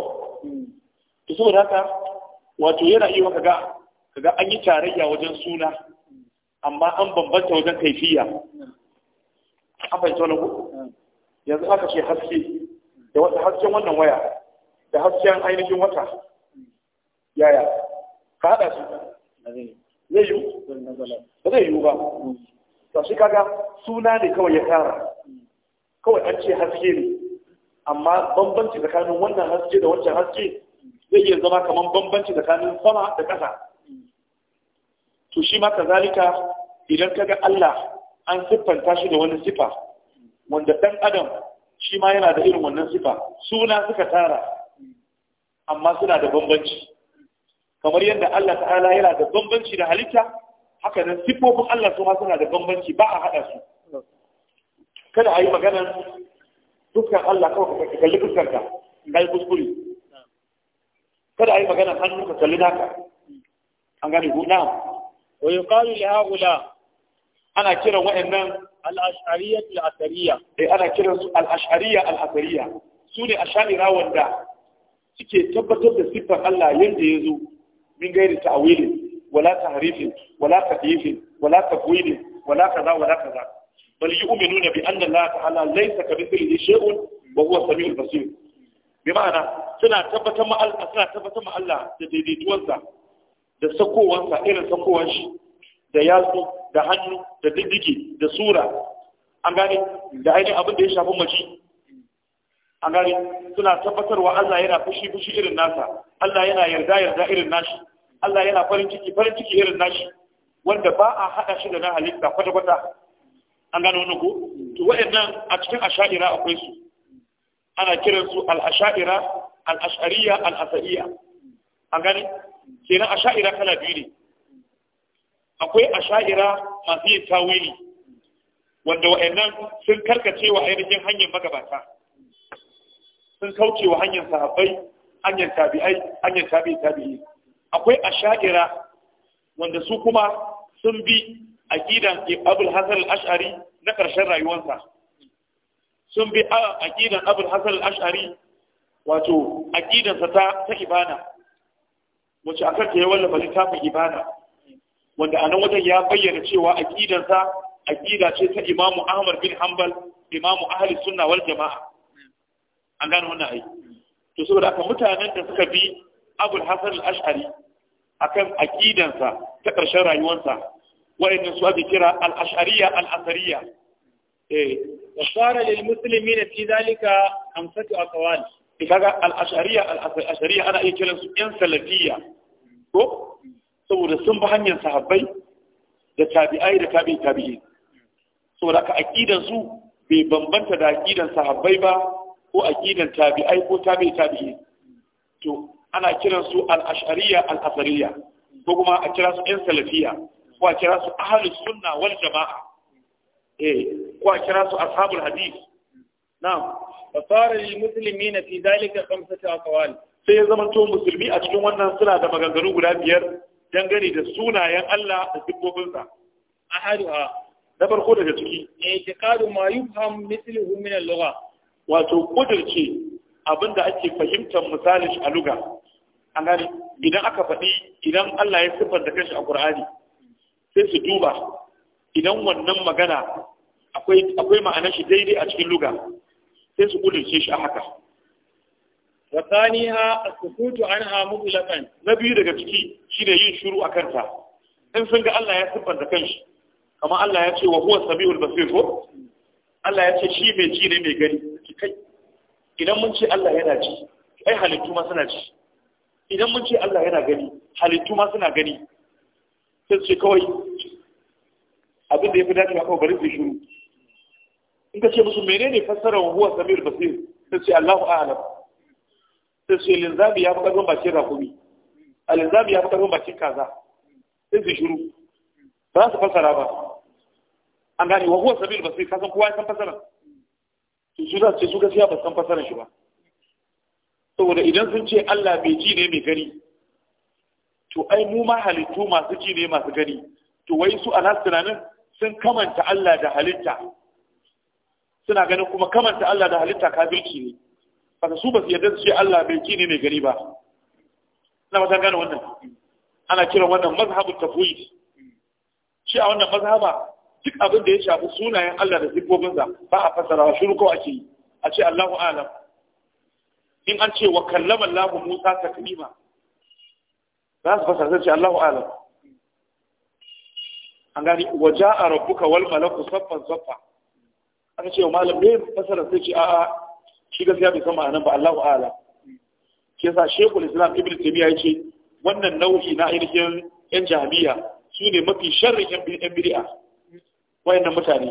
to saboda haka wato yana iya maka ga kaga an yi tarayya wajen suna amma an bambanta wajen kaifiya an fahimta wani ku yanzu aka ce haske da wata hasken wannan waya da hasken ainihin wata yaya ka haɗa su zai yi ba zai yi ba to shi kaga suna ne kawai ya tsara. kawai an ce haske ne amma bambanci tsakanin wannan haske da wancan haske zai iya zama kamar bambanci tsakanin sama da ƙasa to shi ma kazalika idan kaga Allah an siffanta shi da wani sifa wanda ɗan adam shi ma yana da irin wannan sifa suna suka tara amma suna da bambanci kamar yadda Allah ta'ala yana da bambanci da halitta haka nan sifofin Allah su ma suna da bambanci ba a haɗa su kada a yi maganar dukkan Allah kawai ka kalli fuskarka in ga kuskure kada a yi maganar hannu ka kalli naka an gane ku na wa yuqalu li haula ana kiran wa'annan al-ash'ariyya al-asariyya eh ana kiran su al-ash'ariyya al-asariyya su ne ash'arira wanda suke tabbatar da siffar Allah yanda ya zo min gairi ta'wili wala tahrifin wala tadifin wala tafwili wala kaza wala kaza bal yu'minuna bi anna Allah ta'ala laysa ka mithlihi shay'un wa huwa samiul basir bi ma'ana suna tabbatar ma suna tabbatar ma Allah da daidaituwarsa da sakowansa irin sakowar da yatsu da hannu da diddige da sura an gane da ainihin abin da ya shafa maji an gane suna tabbatarwa Allah yana fushi fushi irin nasa Allah yana yarda yarda irin nashi Allah yana farin ciki farin ciki irin nashi wanda ba a haɗa shi da na halitta kwata kwata an gano wani ko to wa'annan a cikin asha'ira akwai su ana kiran su al-asha'ira al-ash'ariyya al asaiya an gane kenan asha'ira kala biyu ne akwai asha'ira masu yin tawili wanda wa'annan sun karkace wa ainihin hanyar magabata sun kauce wa hanyar sahabbai hanyar tabi'ai hanyar tabi'i tabi'i akwai asha'ira wanda su kuma sun bi aqidan Abul Hasan al-Ash'ari na ƙarshen rayuwarsa sun bi ah, aqidan Abul Hasan al-Ash'ari wato aqidansa ta ta ibana wacce akan ta ya wallafa littafin ibana wanda anan wajen ya bayyana cewa aƙidansa aƙida ce ta Imamu Ahmad bin Hanbal Imamu Ahli Sunna wal Jama'a an gane wannan ai to saboda aka mutanen da suka bi Abul Hasan al-Ash'ari akan aƙidansa ta ƙarshen rayuwarsa wa'annan su ake kira al-ash'ariyya al-asariyya eh wa sara lil muslimina fi zalika amsatu aqwal kaga al-ash'ariyya al ana iya kiransu yan ko saboda sun bi hanyar sahabbai da tabi'ai da tabi'i tabi'i saboda ka aqidan su bai bambanta da aqidan sahabbai ba ko aqidan tabi'ai ko tabi'i tabi'i to ana kiransu al-ash'ariyya al ko kuma a kira su yan salafiyya ko a kira su ahalus sunna wal jama'a eh ko a kira su ashabul hadith na'am fa sara lil muslimina fi dalika khamsatu aqwal sai ya zama to musulmi a cikin wannan suna da maganganu guda biyar dangane da sunayen Allah da sifofinsa ahaduha na farko daga ciki i'tiqadu ma yufham mithluhu min al-lugha wato kudirce abinda ake fahimtar misalin a lugha an idan aka faɗi idan Allah ya siffanta kanshi a Qur'ani sai su duba idan wannan magana akwai ma'anar shi daidai a cikin luga sai su kudurce shi a haka wa tsaniha a sukutu an hamu mutlaƙan na biyu daga ciki shi ne yin shuru a kanta in sun ga Allah ya siffanta kanshi kama Allah ya ce wa huwa sami'ul basir ko Allah ya ce shi mai ji ne mai gani kai idan mun ce Allah yana ji ai halittu ma suna ji idan mun ce Allah yana gani halittu ma suna gani sai ce kawai abin da ya fi dacewa kawai bari su shiru in ka ce musu menene fassarar huwa samir basir sai ce allahu a'alam sai ce linzami ya fi karfin bakin rakumi a linzami ya fi karfin bakin kaza sai su shiru ba su fassara ba an gane wa huwa samir basir ka san kowa ya san fassara? su su za su ce su gaskiya ba san fassara shi ba saboda idan sun ce allah mai ji ne mai gani to ai mu ma halittu masu ji ne masu gani to wai su a nasu tunanin sun kamanta Allah da halitta suna ganin kuma kamanta Allah da halitta kafirci ne Baka su ba su yarda su ce Allah bai ji ne mai gani ba ina mata gane wannan ana kiran wannan mazhabut tafwid shi a wannan mazhaba duk abin da ya shafi sunayen Allah da sifofinsa ba a wa shiru kawai ake yi a ce Allahu alam in an ce wa kallama Allah Musa taklima za su fasa sai ce Allahu alam an gani waja a rabbuka wal malaku saffan saffa an ce malam ne fasara sai ce a'a shi gaskiya bai san ma'anan ba Allahu alam ke sa shekul Islam Ibn ya yace wannan nau'i na ainihin yan jami'a su ne mafi sharrin yan bid'a wayannan mutane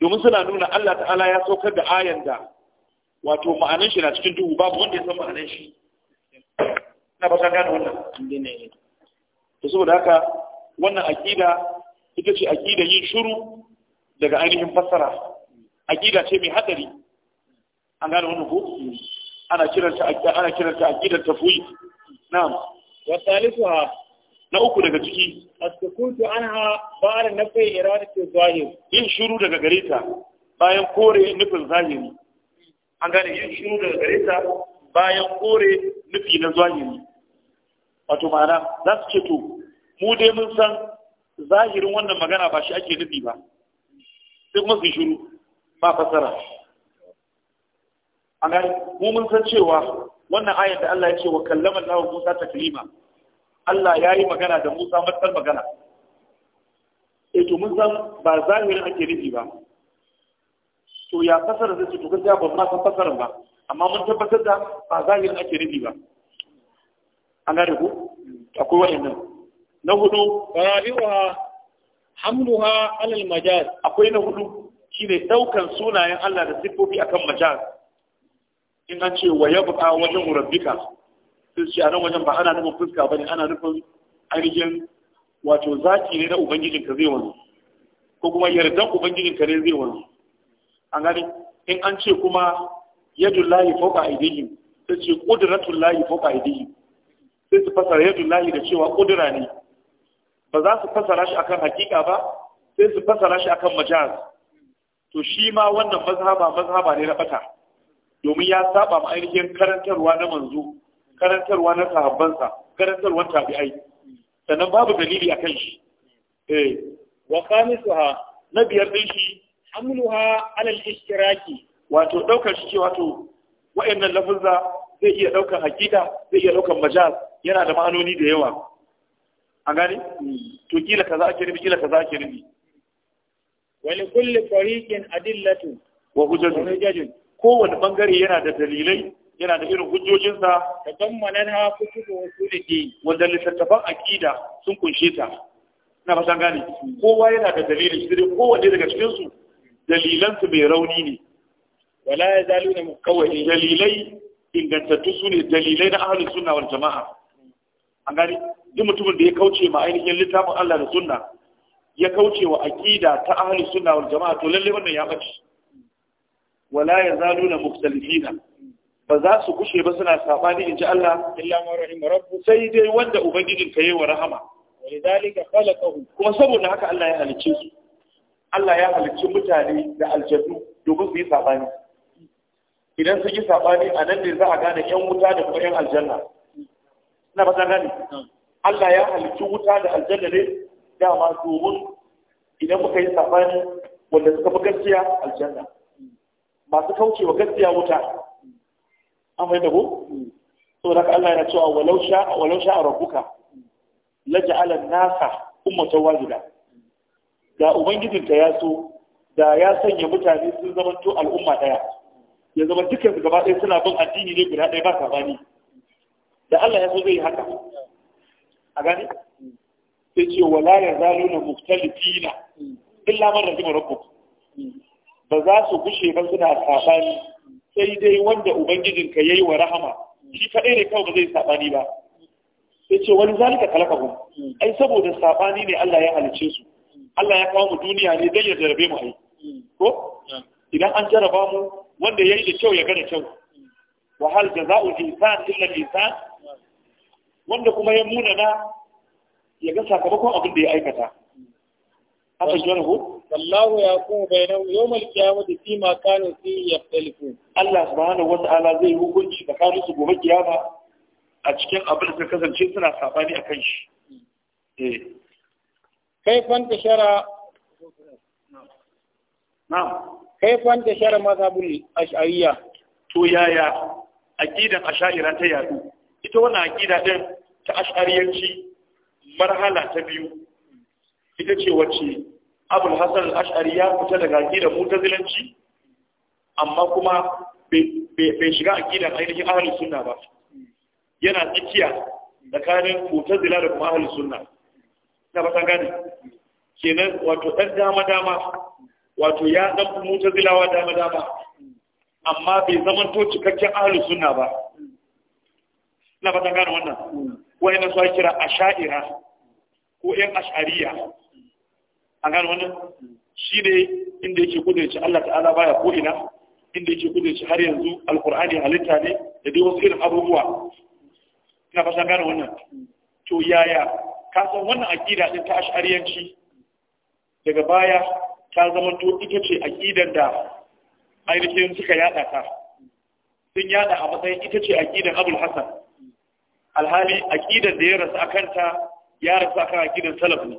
domin suna nuna Allah ta'ala ya saukar da ayan da wato ma'anan shi na cikin duhu babu wanda ya san ma'anan shi na fata gane wannan to saboda haka wannan aqida ita ce aqida yin shuru daga ainihin fassara aqida ce mai hadari an gane wannan ko ana kiranta ana ta aqidar tafwid na'am wa thalithuha na uku daga ciki as-sukutu anha ba'da nafi iradatu zahir yin shuru daga gareta bayan kore nufin zahiri an gane yin shuru daga gareta bayan kore nufi na zahiri wato ma'ana za su ce to mu dai mun san zahirin wannan magana ba shi ake nufi ba sai kuma su shiru ba fasara A gari mu mun san cewa wannan ayar da Allah ya ce wa kallama Allah Musa taklima Allah ya yi magana da Musa matsar magana E, to mun san ba zahirin ake nufi ba to ya fasara zai ce to gaskiya ban ma san fasaran ba amma mun tabbatar da ba zahirin ake rufi ba an gane ku akwai wa'annan na hudu rabi'uha hamluha alal majaz akwai na hudu shine daukan sunayen Allah da siffofi akan majaz in an ce wa yabqa wajen rabbika sun ce a nan wajen ba ana nufin fuska ba ne, ana nufin ainihin wato zaki ne na ubangijinka zai wanzu ko kuma yardan ubangijinka ne zai wanzu an gani. in an ce kuma yadullahi foka aidihi sai ce layi foka aidihi sai su fasara yadullahi da cewa ƙudura ne ba za su fasara shi akan hakika ba sai su fasara shi akan majaz to shi ma wannan mazhaba mazhaba ne na bata domin ya saba ma ainihin karantarwa na manzo karantarwa na sahabbansa karantarwar tabi'ai sannan babu dalili akan shi eh wa khamisuha na biyar din shi hamluha alal ishtiraki wato ɗaukar shi ce wato wa'annan lafuzza zai iya ɗaukar hakika zai iya ɗaukar majaz yana da ma'anoni da yawa an gane to kila kaza ake nufi kila kaza ake nufi wa li kulli fariqin adillatu wa hujjatun kowane bangare yana da dalilai yana da irin hujjojinsa da zammanan ha kutubu usuliddi wanda littattafan akida sun kunshe ta na fasan gane kowa yana da dalilin shi dai kowanne daga cikin su dalilan su mai rauni ne wala ya zalu ne kawai dalilai ingantattu su dalilai na ahalin sunna jama'a an gani duk mutumin da ya kauce ma ainihin littafin Allah da sunna ya kaucewa wa aqida ta ahalin sunna jama'a to lalle wannan ya bace wala ya zalu ne mukhtalifina ba za su kushe ba suna sabani in ji Allah sai dai wanda ubangijin ka yayi wa rahama walidhalika khalaqahu kuma saboda haka Allah ya halicce ya halicci mutane da aljannu domin su yi sabani idan sun yi saɓani a nan ne za a gane yan wuta da kuma yan aljanna ina ba san gane Allah ya halicci wuta da aljanna ne dama domin idan muka yi saɓani wanda suka fi gaskiya aljanna masu wa gaskiya wuta an fahimta ko to da Allah yana cewa law sha law sha rabbuka an nasa ummatan wahida da ubangijinta ya so da ya sanya mutane sun zama to al'umma daya ya zama dukkan su gaba ɗaya suna bin addini ne guda ɗaya ba bani da Allah ya so zai haka a gani sai ce wala ya zalu na muftalifina illa man rahima rabbuk ba za su gushe ba suna sabani sai dai wanda ubangijin ka yayi wa rahama shi kaɗai ne kawai ba zai sabani ba sai ce wani zalika kalakahum ai saboda sabani ne Allah ya halice su Allah ya kawo mu duniya ne dan ya jarabe mu ai ko idan an jaraba mu wanda ya yi da kyau ya gane kyau wa hal zau ihsan illa ihsan wanda kuma ya munana ya ga sakamakon abin da ya aikata haka jiyar ko. wallahu ya kuma bayanan yawmal qiyamati fi ma kanu fi yaftalifu Allah subhanahu wata'ala zai hukunci kanu su gobe kiyama a cikin abin da kasance suna sabani akan shi eh fanta shara. na'am kai fanta shara mazhabul ash'ariyya to yaya aqidan ash'ariyya ta yadu ita wannan aqida din ta ash'ariyanci marhala ta biyu ita ce wacce abul hasan al-ash'ari ya fita daga aqidar mutazilanci amma kuma bai shiga a ainihin ahlus sunna ba yana tsakiya tsakanin mutazila da kuma ahlus sunna na ba gane kenan wato dan dama dama wato ya mutar zilawa dama dama amma bai zama to cikakken ahlus suna ba ina fatan gane wannan na su kira asha'ira ko yan ash'ariya an gane wannan shi ne inda yake kudurci Allah ta'ala baya ko ina inda yake kudurci har yanzu alkur'ani halitta ne da dai wasu irin abubuwa ina fatan gane wannan to yaya kasan wannan aqida ɗin ta ash'ariyanci daga baya ta zama to ita ce aƙidan da ainihin suka yada ta sun yada a matsayin ita ce aƙidan abul hasan alhali aƙidan da ya rasu a kanta ya rasu a kan salaf ne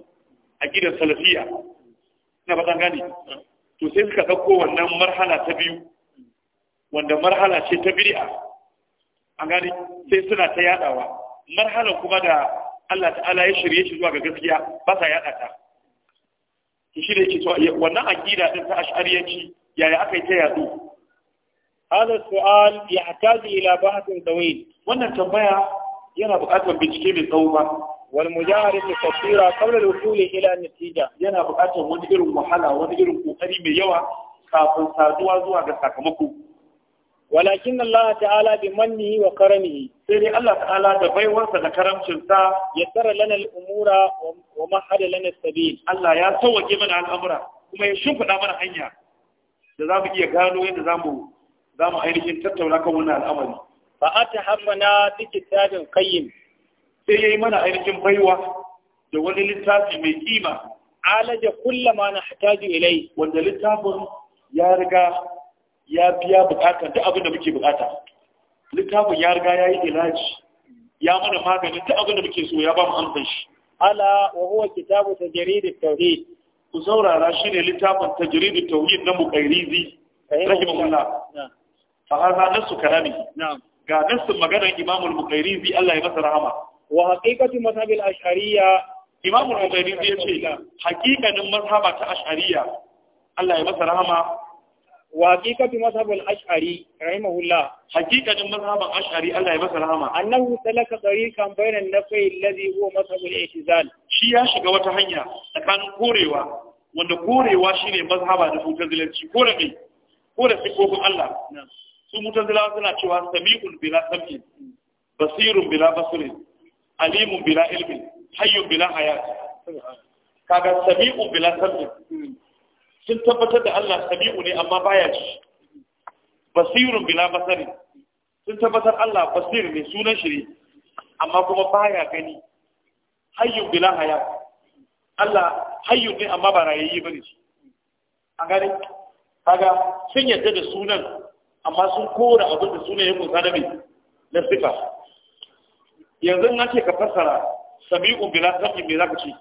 aƙidan salafiya na faɗan gani to sai suka ɗauko wannan marhala ta biyu wanda marhala ce ta bid'a an gani sai suna ta yadawa marhalan kuma da Allah ta'ala ya shirye shi zuwa ga gaskiya ba sa yada ta shi ne ce wannan aƙida ɗin ta ashariyanci yaya aka yi ta yaɗo. Hada su'al ya hata zai yi labarin tsawai. Wannan tambaya yana buƙatar bincike mai tsawo ba. Wani mujahari ta tafira kawai da wasu ila natija yana buƙatar wani irin wahala wani irin ƙoƙari mai yawa kafin saduwa zuwa ga sakamako. Walakin Allah ta'ala bi manni wa karami sai dai Allah ta'ala da baiwarsa da karamcinsa ya tsara lana umura wa Kuma mahada lana sabil Allah ya sauke mana al'amura kuma ya shimfida mana hanya da za mu iya gano yadda za mu za mu ainihin tattauna kan wannan al'amari fa atahammana bi kitabin qayyim sai ya yi mana ainihin baiwa da wani littafi mai kima alaja kullama na hataju ilai wanda littafin ya riga ya biya bukata duk abin da muke bukata littafin ya riga ya yi ilaji ya mana maganin duk abin da muke so ya ba mu amsan shi ala wa huwa kitabu tajrid tauhid ku saurara shi ne littafin tajrid tauhid na muqairizi rahimahullah fa hadha nasu kalami ga nasu maganar imam al-muqairizi Allah ya masa rahama wa haqiqatu mazhab al-ash'ariyya imam al-muqairizi yace haqiqanin mazhaba ta ash'ariyya Allah ya masa rahama wa haqiqatu mazhabul ash'ari hula. haqiqatin mazhabul ash'ari Allah ya masa rahama annahu talaka tariqan bayna an-nafi alladhi huwa mazhabul i'tizal shi ya shiga wata hanya tsakanin korewa wanda korewa shine mazhaba da mutazilanci kore mai kore Allah su mutazilawa suna cewa sami'un bila sam'in basirun bila basirin alimun bila ilmin hayyun bila hayat kaga sami'un bila sun tabbatar da Allah sami'u ne amma baya ji basirun bila basari sun tabbatar Allah basir ne sunan shi ne amma kuma baya gani hayyu bila haya Allah hayyun ne amma ba rayayye bane shi a gare kaga sun yadda da sunan amma sun kora abin da sunan ya kunsa da mai na sifa yanzu na ce ka fassara sami'un bila sabbi me zaka ce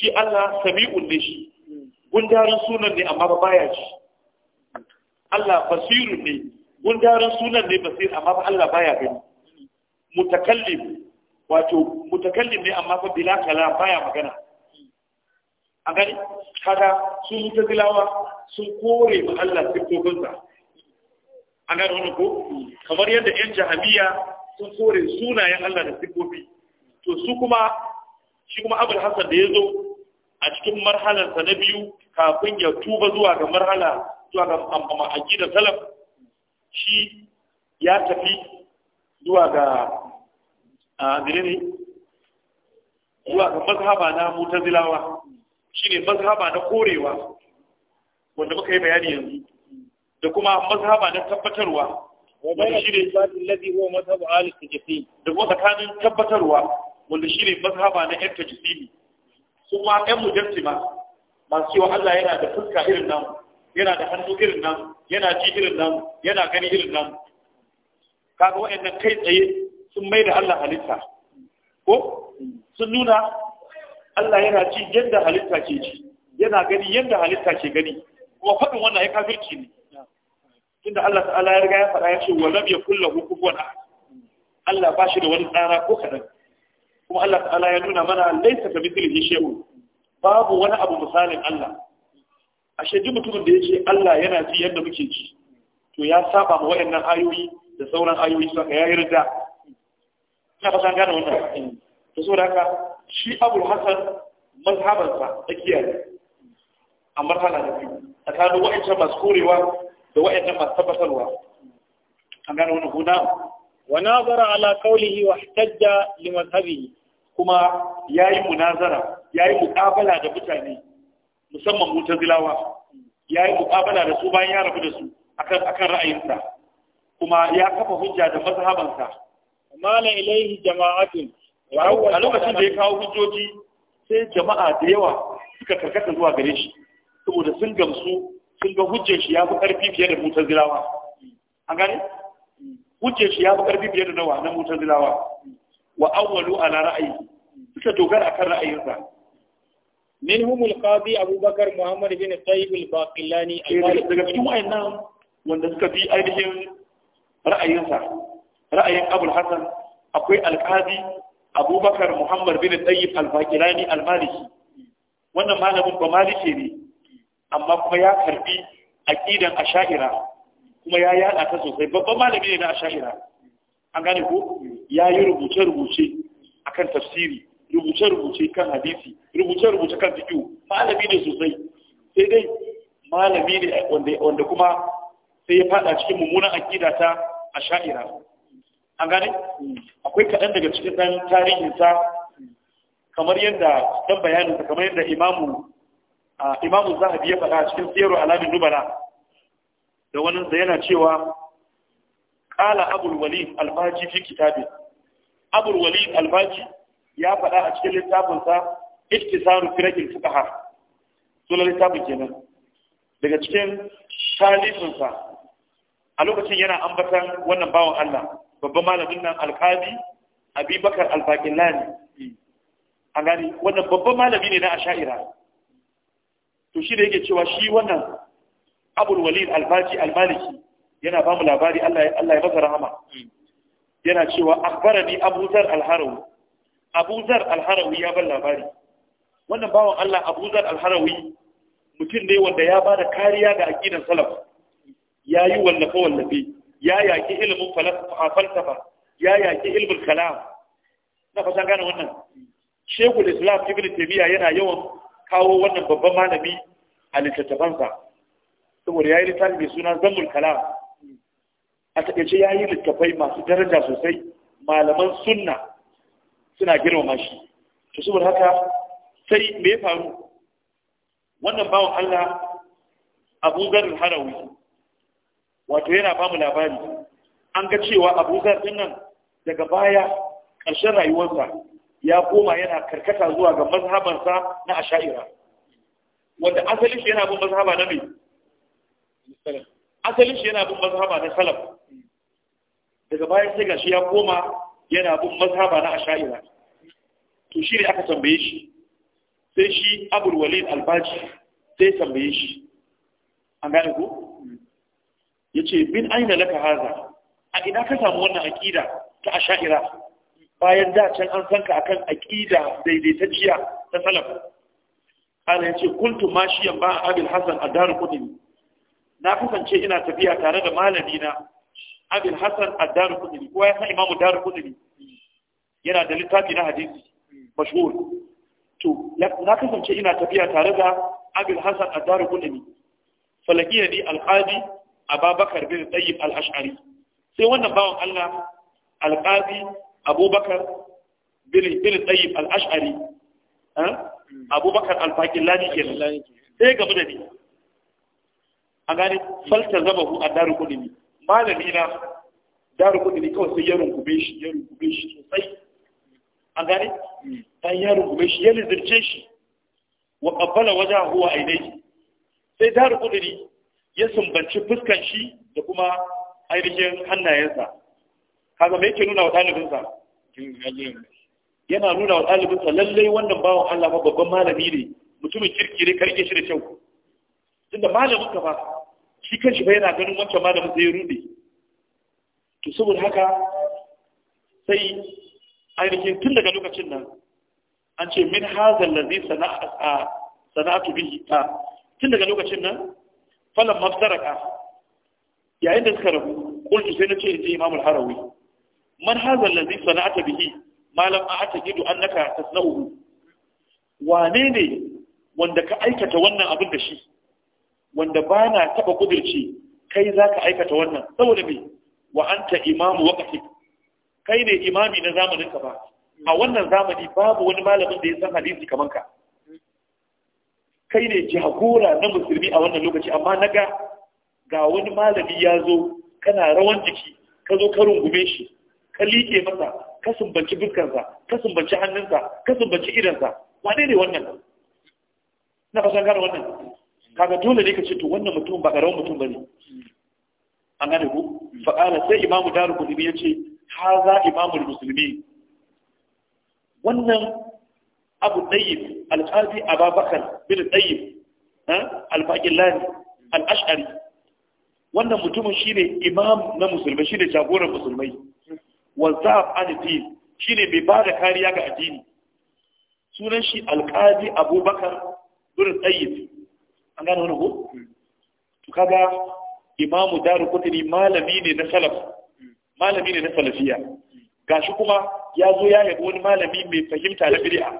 shi Allah sami'un ne shi gundarin sunan ne amma ba baya ji Allah Basiru ne gundarin sunan ne basir amma ba Allah baya gani mutakallim wato mutakallim ne amma ba bila kala baya magana a gani kaga sun mutazilawa sun kore ma Allah sifofinsa A gani wani ko kamar yadda yan jahamiya sun kore sunayen Allah da sifofi to su kuma shi kuma abul hasan da ya zo a cikin marhalarsa na biyu kafin ya tuba zuwa ga marhala zuwa ga amma aƙidar salaf shi ya tafi zuwa ga a ne zuwa ga mazhaba na mutazilawa shine mazhaba na korewa wanda muka yi bayani yanzu da kuma mazhaba na tabbatarwa wanda shi ne alladhi huwa mazhabu al-tajsim da kuma tsakanin tabbatarwa wanda shi ne mazhaba na yan tajsimi Kuma ma ɗan mujassima masu cewa Allah yana da fuska irin nan yana da hannu irin nan yana ji irin nan yana gani irin nan kaga waɗannan kai tsaye sun mai da Allah halitta ko sun nuna Allah yana ci yadda halitta ke ji, yana gani yadda halitta ke gani kuma faɗin wannan ya kafirci ne tunda Allah ta'ala ya riga ya faɗa ya ce wa lam yakul lahu kufuwan ahad Allah ba shi da wani tsara ko kaɗan kuma Allah ta'ala ya nuna mana laisa ka mithlihi shay'un babu wani abu misalin Allah ashe duk mutumin da yace Allah yana ji yadda muke ji to ya saba ma wayannan ayoyi da sauran ayoyi saka ya yarda ina ba gane wannan to saboda haka shi Abu Hasan mazhabansa tsakiya ne a marhala da biyu tsakanin wa'ancan masu korewa da wa'ancan masu tabbatarwa an gane wannan huna وناظر على قوله واحتج لمذهبه kuma ya yi munazara ya yi muƙabala da mutane musamman zilawa. ya yi muƙabala da su bayan ya rabu da su akan ra'ayinsa kuma ya kafa hujja da mazhabansa mala ilaihi jama'atin a lokacin da ya kawo hujjoji sai jama'a da yawa suka karkata zuwa gare shi saboda sun gamsu sun ga hujjar shi ya fi ƙarfi fiye da zilawa. an gane hujjar shi ya fi ƙarfi fiye da nawa na zilawa? wa awwalu ana ra'ayi suka dogara akan ra'ayinsa minhum al-qadi abubakar muhammad bin tayyib al-baqillani daga cikin wanda suka bi ainihin ra'ayinsa ra'ayin abul hasan akwai al-qadi abubakar muhammad bin tayyib al-baqillani al-maliki wannan malamin ba maliki ne amma kuma ya karbi aqidan asha'ira kuma ya yada ta sosai babban malami ne na asha'ira an gane ko ya yi rubuce-rubuce a kan tafsiri rubuce-rubuce kan hadisi rubuce-rubuce kan fiƙi malami ne sosai sai dai malami ne wanda kuma sai ya fada cikin mummunan akida ta a sha'ira an gane akwai kaɗan daga cikin ɗan tarihinsa kamar yadda ɗan bayaninsa kamar yadda imamu imamu zahabi ya faɗa cikin tsero alamin nubala da wani yana cewa qala abul walid al-baji fi kitabi abul walid al-baji ya faɗa a cikin littafinsa sa iktisaru firaqil fuqaha sunan littafin kenan daga cikin talifin a lokacin yana ambatan wannan bawan Allah babban malamin nan alqadi abubakar al-baqillani a gani wannan babban malami ne na asha'ira to shi da yake cewa shi wannan abul walid al-baji al yana ba mu labari Allah ya masa rahama mm. yana cewa akbarani Abu Zar al-Harawi Abu al-Harawi ya ban labari wannan bawan Allah Abu Zar al-Harawi mutum ne wanda ya ba da kariya ga aqidar salaf ya yi wallafe wallafe ya yaƙi ilimin falsafa ya yaƙi ilimin kalam na fatan gane wannan Sheikhul Islam Ibn Taymiyyah yana yawan kawo wannan babban malami a littattafansa saboda ya yi littafi mai suna zammul kalam a takaice ya yi littafai masu daraja sosai malaman sunna suna girmama shi to saboda haka sai me ya faru wannan bawan Allah Abu Zarr Harawi wato yana ba mu labari an ga cewa Abu Zarr din nan daga baya ƙarshen rayuwarsa ya koma yana karkata zuwa ga mazhabansa na asha'ira wanda asalin shi yana bin mazhaba na mai asalin shi yana bin mazhaba na salaf daga bayan sai gashi ya koma yana bin mazhaba na asha'ira to shi ne aka tambaye shi sai shi abul walid albaji sai tambaye shi an gane ku yace bin aina laka haza a ina ka samu wannan aqida ta asha'ira bayan da can an san ka akan aqida daidaitacciya ta salaf ana yace kuntu mashiyan ba abul hasan adar qudni na kasance ina tafiya tare da malamina. abin hasan addaru kudiri kowa ya san imamu daru kudiri yana da littafi na hadisi mashhur to na kasance ina tafiya tare da abin hasan addaru kudiri falakiya ni alqadi ababakar bin tayyib al-ash'ari sai wannan bawan Allah alqadi abubakar bin bin tayyib al-ash'ari eh? hmm. abubakar al-fakillani kenan sai gaba da ni a gani falta zabahu addaru kudiri malami na rukuni kudi kawai sai ya rungume shi ya rungume shi sosai an gane dan ya rungume shi ya lizirce shi wa qabbala wajahu wa ainihi sai da rukuni ya sumbanci fuskan shi da kuma ainihin hannayensa kaga me yake nuna wa ɗalibinsa yana nuna wa ɗalibinsa lallai wannan bawan Allah babban malami ne mutumin kirki ne karke shi da kyau tunda malamin ka ba shi kanshi ba yana ganin wancan malamin sai ya rude to saboda haka sai ainihin tun daga lokacin nan an ce min hazal ladhi sana'a sana'atu bihi ta tun daga lokacin nan falan mafsaraka yayin da suka rabu kullu sai na ce inji imam al-harawi man hazal ladhi sana'ata bihi malam a ta atakidu annaka tasna'u. wane ne wanda ka aikata wannan abin da shi wanda ba na taɓa kudurci kai za ka aikata wannan saboda me wa ta imamu wakati? kai ne imami na zamanin ka ba a wannan zamani babu wani malamin da ya san hadisi kamar ka kai ne jagora na musulmi a wannan lokaci amma na ga ga wani malami ya zo kana rawan jiki ka zo ka rungume shi ka liƙe masa ka sumbanci fuskarsa ka sumbanci hannunsa ka sumbanci idansa wane ne wannan na fasan gane wannan kaga dole ne ka ce to wannan mutum ba karamin mutum bane an gane ku fa qala sai imamu darul qudbi yace haza imamul musulmi wannan abu tayyib al-qadi ababakar bin tayyib al-faqilani al-ash'ari wannan mutumin shine imam na musulmai shine jagoran musulmai wazab al-din shine mai da kariya ga addini sunan shi al-qadi abubakar bin tayyib an gane wani ko to kaga imamu daru kutani malami ne na salaf malami ne na salafiya gashi kuma ya zo ya yabi wani malami mai fahimta na bid'a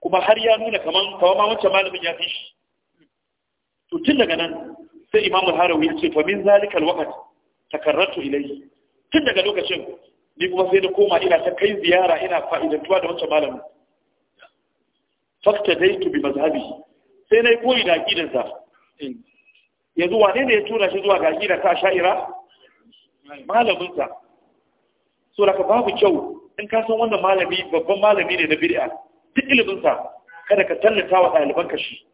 kuma har ya nuna kaman kawa ma wancan malamin ya fi shi to tun daga nan sai imamu harawi ya ce fa min zalika alwaqt takarratu ilayhi tun daga lokacin ni kuma sai da koma ina ta kai ziyara ina fa'idantuwa da wancan malamin fakta daitu bi mazhabihi sai na yi koyi da gidansa yanzu wane ne ya tura shi zuwa ga aƙida ta sha'ira malaminsa so daga babu kyau in ka san wannan malami babban malami ne na bid'a duk iliminsa kada ka tallata wa ɗaliban ka shi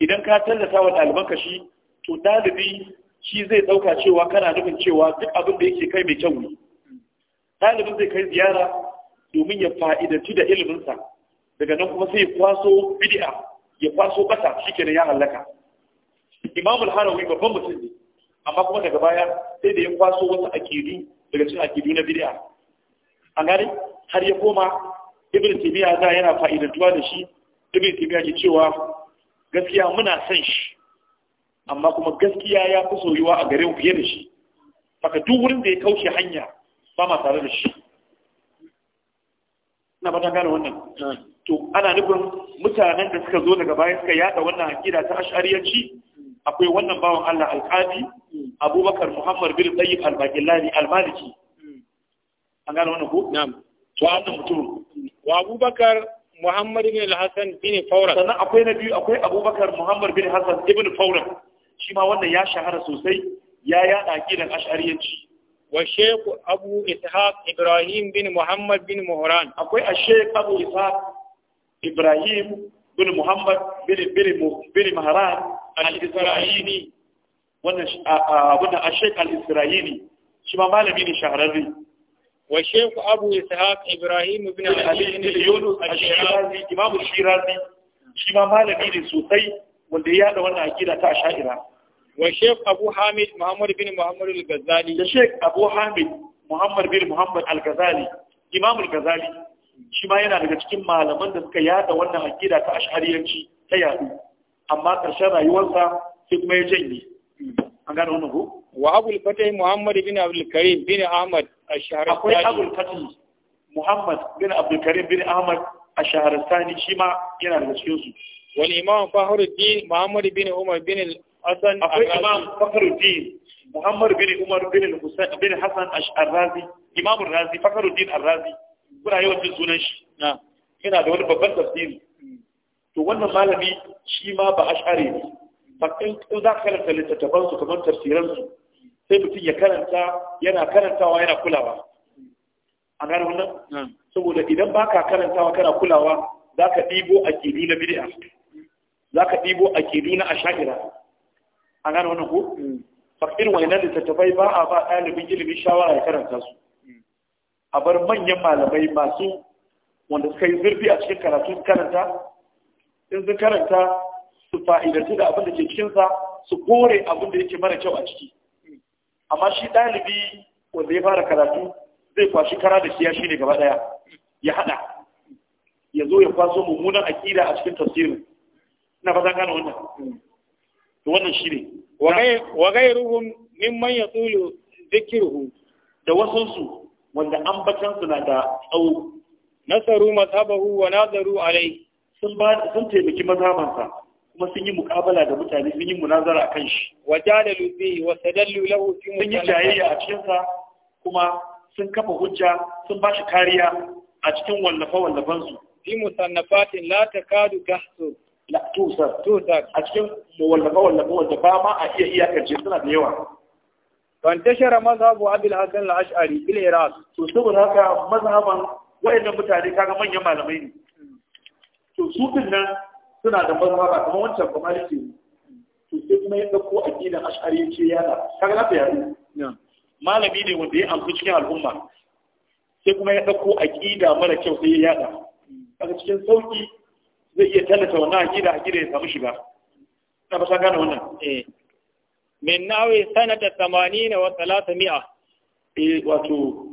idan ka tallata wa ɗaliban ka shi to ɗalibi shi zai ɗauka cewa kana nufin cewa duk abin da yake kai mai kyau ne ɗalibin zai kai ziyara domin ya fa'idanci da iliminsa daga nan kuma sai ya kwaso bid'a ya kwaso bata shikenan ya halaka imam al-harawi babban mutum ne amma kuma daga baya sai da ya kwaso wasu akidu daga cikin akidu na bid'a an gane har ya koma ibn tibiya da yana fa'idantuwa da shi ibn tibiya ke cewa gaskiya muna son shi amma kuma gaskiya ya fi soyuwa a gare mu da shi haka duk wurin da ya kauce hanya ba ma tare da shi na ba ta gane wannan to ana nufin mutanen da suka zo daga baya suka yada wannan hakida ta ash'ariyanci akwai wannan bawan Allah alqadi Abubakar Muhammad bin Tayyib al bakillani al-Maliki an gane wannan ko na'am to wannan mutum wa Abubakar Muhammad bin Al-Hasan bin Fawran sannan akwai na biyu akwai Abubakar Muhammad bin hasan ibn Fawran shi ma wannan ya shahara sosai ya yada akidan ash'ariyanci والشيخ أبو إسحاق إبراهيم بن محمد بن مهران أقول الشيخ أبو إسحاق إبراهيم بن محمد بن بن بن مهران الإسرائيلي وانا الشيخ الإسرائيلي شما مالمي شهرري والشيخ أبو إسحاق إبراهيم بن علي بن يونس الشيرازي إمام الشيرازي شما ما سوسي wanda ya da wannan akida ta asha'ira wa Sheikh Abu Hamid Muhammad bin Muhammad al-Ghazali da Sheikh Abu Hamid Muhammad bin Muhammad al-Ghazali Imam al-Ghazali shi ma yana daga cikin malaman da suka yada wannan aqida ta ash'ariyanci ta yadu amma ƙarshen rayuwarsa sai kuma ya janye an gane wannan ko wa Abul al-Fatih Muhammad bin Abdul Karim bin Ahmad ash-Shahrastani akwai Abul al-Fatih Muhammad bin Abdul Karim bin Ahmad ash Sani shi ma yana daga cikin su wal Imam Fakhruddin Muhammad bin Umar bin Hassan akwai Imam Fakhruddin Muhammad bin Umar bin Husain bin Hassan Ar-Razi Imam Ar-Razi Fakhruddin Ar-Razi kuna yawan sunan shi na yana da wani babban tafsiri to wannan malami shi ma ba ash'ari ne fakin in za ka karanta littattafan su kamar tafsiran su sai mutum ya karanta yana karantawa yana kulawa a gane wannan saboda idan baka karantawa kana kulawa za ka ɗibo a na bid'a za ka ɗibo a na asha'ira an wannan ku fakir ta littattafai ba a ba ɗalibin ilimin shawara ya karanta su mm. a bar manyan malamai masu wanda suka yi zurfi a cikin karatu karanta in sun karanta su fa'idatu da abin da ke cikinsa su kore abin da yake mara kyau a ciki mm. amma shi ɗalibi wanda ya fara karatu zai kwashi kara da siya shi ne gaba ɗaya ya haɗa ya zo ya kwaso mummunan aƙida a cikin tafsirin ina fatan gane wannan mm. Da wannan shine wa ghayruhum mimman yatulu zikirhu da wasansu wanda ambatan su na da tsawo nasaru mazhabahu wa nazaru alai sun sun taimaki mazhabansa kuma sun yi mukabala da mutane sun yi munazara a kan shi wa jadalu bihi wa sadallu lahu fi sun yi jayayya a cikin kuma sun kafa hujja sun ba shi kariya a cikin wallafa wallafansu fi musannafatin la takadu tahsur tusar a cikin wallafa-wallafa wanda ba ma a iya iyakance suna da yawa fantashara mazhabu abil hasan al-ash'ari bil iraq to saboda haka mazhaban wayannan mutane kaga manyan malamai ne to su nan suna da mazhaba kuma wancan ba maliki to sai kuma ya dauko aqidan ash'ari yace yana kaga lafiya yaro malami ne wanda ya amfi cikin al'umma sai kuma ya dauko aqida mara kyau sai ya yada Daga cikin sauki zai iya tallata wannan akida akida ya samu shiga na ba gane wannan eh min nawi sanata na wata 300 eh wato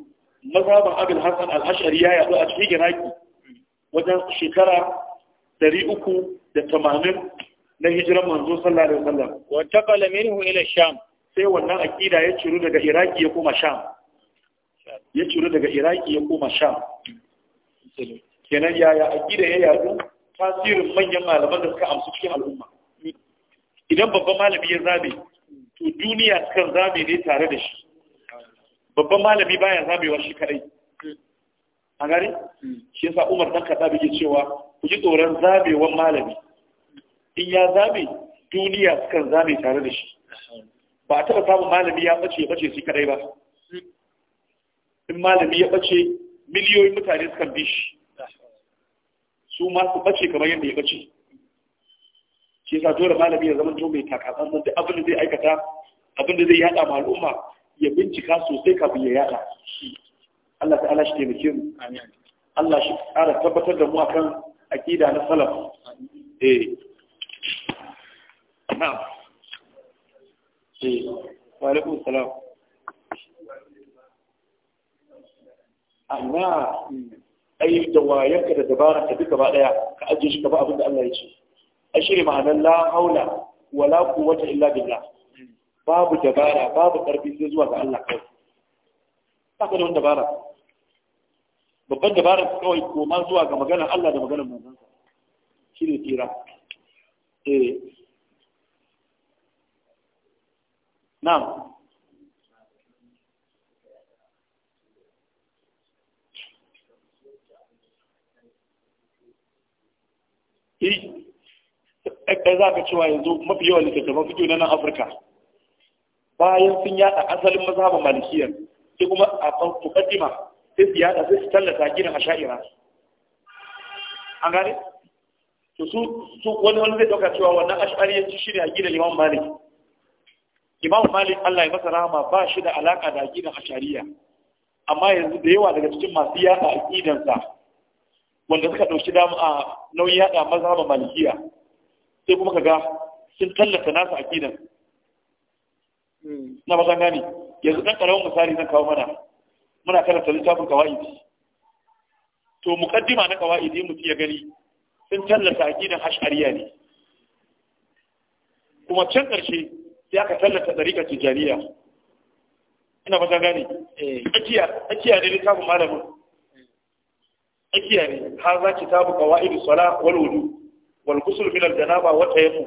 mazaban abin hassan Alhashari ya yadu a cikin iraki wajen shekara 380 na hijiran manzo Sallah da Sallah. wata kalamin minhu ila sham sai wannan akida ya ciro daga iraki ya koma sham ya ciro daga iraki ya koma sham kenan yaya akida ya yadu tasirin manyan malaman da suka amsu cikin al'umma idan babban malami ya zabe to duniya kan zabe ne tare da shi babban malami baya zabewa shi kadai a gari shi yasa umar dan kaɗa bai cewa ku ji tsoron zabewan malami in ya zabe duniya kan zabe tare da shi ba a taɓa samun malami ya ɓace ɓace shi kadai ba in malami ya ɓace miliyoyin mutane sukan bi shi su ma su bace kamar yadda ya bace shi yasa dole malami ya zama mai takatsan nan da abin da zai aikata abin da zai yada ma al'umma ya bincika sosai kafin ya yada Allah ta'ala shi taimake mu Allah shi ƙara tabbatar da mu akan aqida na salaf eh na'am eh wa alaikum salam Allah ai da wayanka da dabara ka duka ba daya ka ajiye shi ka ba abin da Allah ya ce ai shi ma'anar la haula wala quwwata illa billah babu dabara babu karfi sai zuwa ga Allah kai saka da dabara babban dabara kawai ma zuwa ga maganar Allah da maganar manzon shi ne tira eh na'am eh ɗaya za ka cewa yanzu mafi yawan littattafan fito na nan afirka bayan sun yada asalin mazhabin malikiyar sai kuma a tukaddima sai su yada sai su tallata gidan asha'ira an gane to su wani wani zai dauka cewa wannan ash'ariyanci shi ne a gidan imam malik imam malik allah ya masa rahama ba shi da alaka da gidan ash'ariya amma yanzu da yawa daga cikin masu yada aqidansa wanda suka ɗauki damu a nauyi haɗa mazhaban malikiya sai kuma kaga sun tallata nasu akidan na ba gani yanzu ɗan ƙaramin misali zan kawo mana muna karanta littafin kawa'idi to muƙaddima na kawa'idi mu ya gani sun tallata akidan ash'ariya ne kuma can ƙarshe sai aka tallata ɗariƙar tijjaniya ina ba gani eh. akiya ne littafin malamin tsakiya ne har za ki tabu qawaidu sala wal wudu wal ghusl min al janaba wa tayammum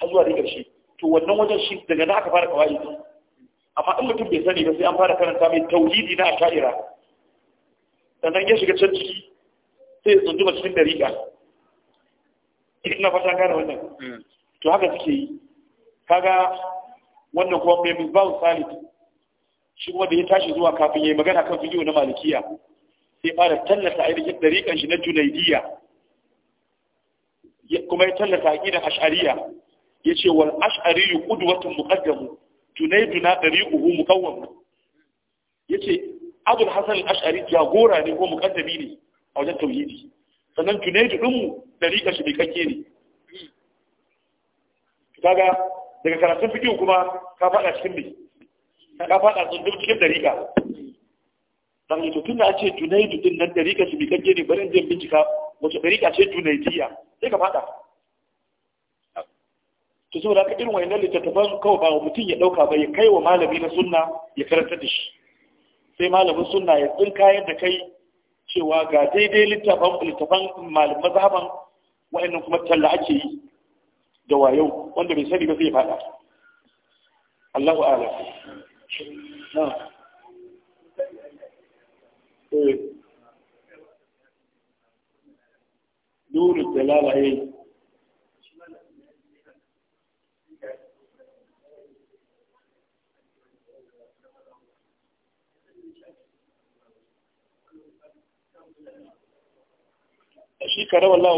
har zuwa da ƙarshe to wannan wajen shi daga da aka fara qawaidu amma in mutum bai sani ba sai an fara karanta mai tauhidi na asha'ira sannan ya shiga can ciki sai ya tsunduma cikin dariƙa ina fata gane wannan mm. to haka suke yi kaga wannan kuma mai misbahu salit shi kuma da ya tashi zuwa kafin ya yi magana kan bidiyo na malikiya sai fara tallata ainihin ɗariƙan shi na junaidiyya kuma ya tallata aƙidan ash'ariya ya ce wal ash'ariyu ƙudwatun muƙaddamu junaidu na dariƙuhu muƙawwamu ya ce abul hasan ash'ari jagora ne ko muƙaddami ne a wajen tauhidi sannan junaidu mu ɗariƙan shi miƙaƙƙe ne kaga daga karatun fikihu kuma ka faɗa cikin ne ka faɗa tsundun cikin ɗariƙa za mu to tunda an ce junaidu din nan rika su bikakke ne barin in bincika wace dariƙa ce junaidiya sai ka faɗa to saboda ka irin wayannan littattafan kawai ba mutum ya ɗauka ba ya kai wa malami na sunna ya karanta da shi sai malamin sunna ya tsinka yadda kai cewa ga daidai littafan littafan malamin mazhaban wayannan kuma talla ake yi da wayo wanda bai sani ba zai faɗa Allahu a'lam na'am دور الدلالة eh wallah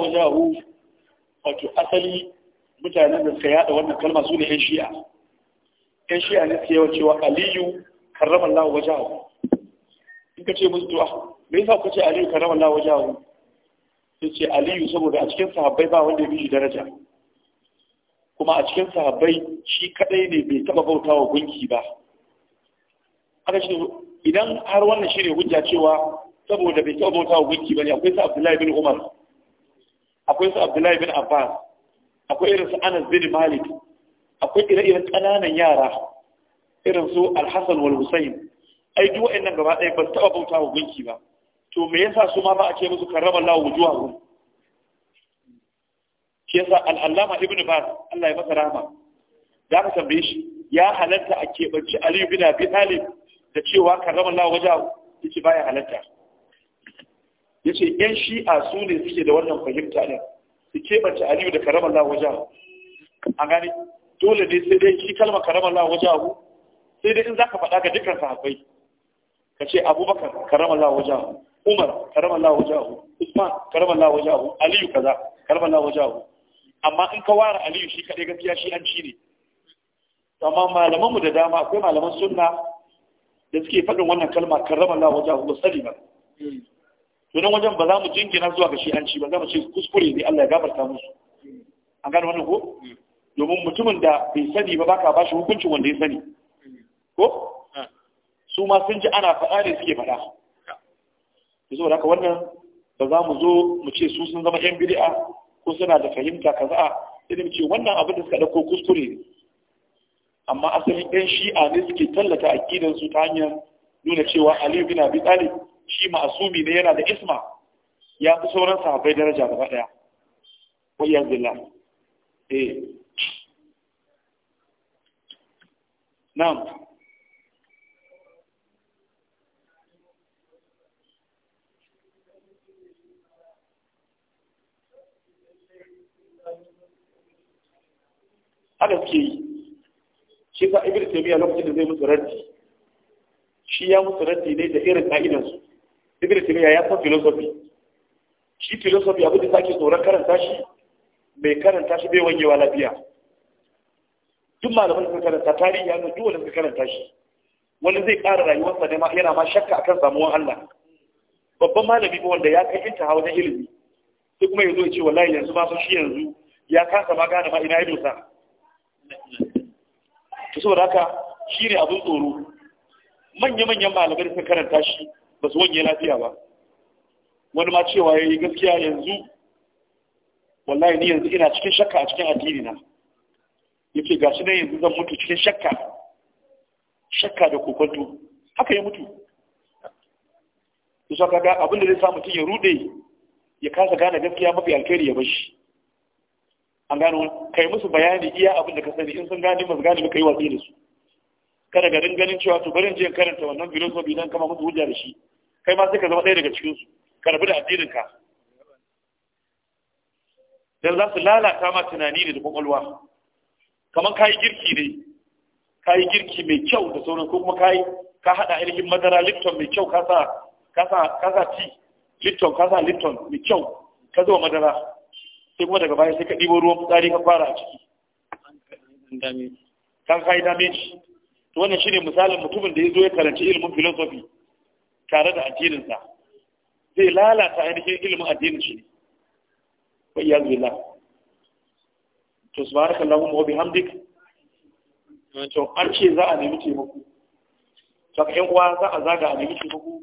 wato asali mutanen da suka yada wannan kalma su ne yan shi'a yan shi'a ne suke cewa aliyu karrama Allah in ka ce musu to ah, me yasa ku ce aliyu karama Allah wajahu sai ce aliyu saboda a cikin sahabbai ba wanda ya bi daraja kuma a cikin sahabbai shi kadai ne bai taba bautawa gunki ba aka ce idan har wannan shi ne hujja cewa saboda bai taba bautawa gunki ba ne akwai su Abdullahi bin Umar akwai su Abdullahi bin Abbas akwai irin su Anas bin Malik akwai ire-iren ƙananan yara irin su Al-Hasan wal Husayn ai duk wa'annan gaba ɗaya ba su taɓa bauta wa gunki ba to me yasa su ma ba a ce musu karrama lawa wujuwa hu shi yasa al'allama ibnu bas Allah ya masa rama. da ka tambaye shi ya halatta a keɓance aliyu bin abi talib da cewa karrama lawa wajahu yace baya halatta yace yan shi'a su ne suke da wannan fahimta ne su bace aliyu da karrama lawa wajahu an gani. dole ne sai dai shi kalmar karrama lawa wajahu sai dai in zaka faɗa ga dukkan sahabbai ka ce abubakar karama Allah wajahu umar karama Allah wajahu usman karama Allah wajahu aliyu kaza karama Allah wajahu amma in ka ware aliyu shi kadai gaskiya shi an ci ne amma malamanmu da dama akwai malaman sunna da suke faɗin wannan kalma karama Allah wajahu ba sani ba sunan wajen ba za mu jingina zuwa ga shi an ci ba za mu ce kuskure ne Allah ya gafarta musu an gane wannan ko mm. domin mutumin da bai sani ba baka bashi hukuncin wanda ya sani ko su ma sun ji ana faɗa ne suke faɗa zo da aka wannan ba za mu zo mu ce su sun zama yan bid'a ko suna da fahimta kaza za'a idan ce wannan abin da suka dauko kuskure ne amma asalin yan shi'a ne suke tallata aqidan su ta hanyar nuna cewa Aliyu bin Abi Talib shi ma'asumi ne yana da isma ya fi sauran sahabbai daraja gaba daya wayyan zilla. eh haka suke yi shi sa ibn taymiya lokacin da zai musu raddi shi ya musu raddi ne da irin ka'idan su ibn taymiya ya san philosophy shi philosophy abin da sake tsoron karanta shi mai karanta shi bai wangewa lafiya duk malaman da suka karanta tarihi ya nuna duk suka karanta shi wani zai ƙara rayuwarsa ne ma yana ma shakka akan samuwar Allah babban malami ne wanda ya kai inta hawa na ilimi sai kuma ya zo ya ce wallahi yanzu ma sun shi yanzu ya kasa ma gane ma ina ya dosa to saboda haka shi ne abin tsoro manya-manyan malamai da sun karanta shi ba su wanye lafiya ba wani ma cewa ya yi gaskiya yanzu wallahi ni yanzu ina cikin shakka a cikin addini na ya ce gashi na yanzu zan mutu cikin shakka shakka da kokonto haka ya mutu ya saka ga abin da zai sa mutum ya rude ya kasa gane gaskiya mafi alkhairi ya bashi an gano kai musu bayani iya abin da ka sani in sun gane masu gane muka yi watsi da su kada ga ganin cewa to barin jiyan karanta wannan filosofi don kama musu hujja da shi kai ma sai ka zama ɗaya daga cikin su ka rabu da addinin ka dan za su lalata ma tunani ne da kwakwalwa kamar kayi girki ne kayi girki mai kyau da sauran ko kuma kayi ka hada ainihin madara lipton mai kyau kasa ka sa ti lipton kasa lipton mai kyau ka zo madara sai kuma daga baya sai ka ɗibo ruwan fitsari ka fara a ciki kan kai damage to wannan ne misalin mutumin da ya zo ya karanci ilimin philosophy tare da addininsa zai lalata ainihin ilimin addinin shi ne. wa iyaz billah to su subhanaka allahumma wa hamdik to an ce za a nemi taimako to ka yan uwa za a zaga a nemi taimako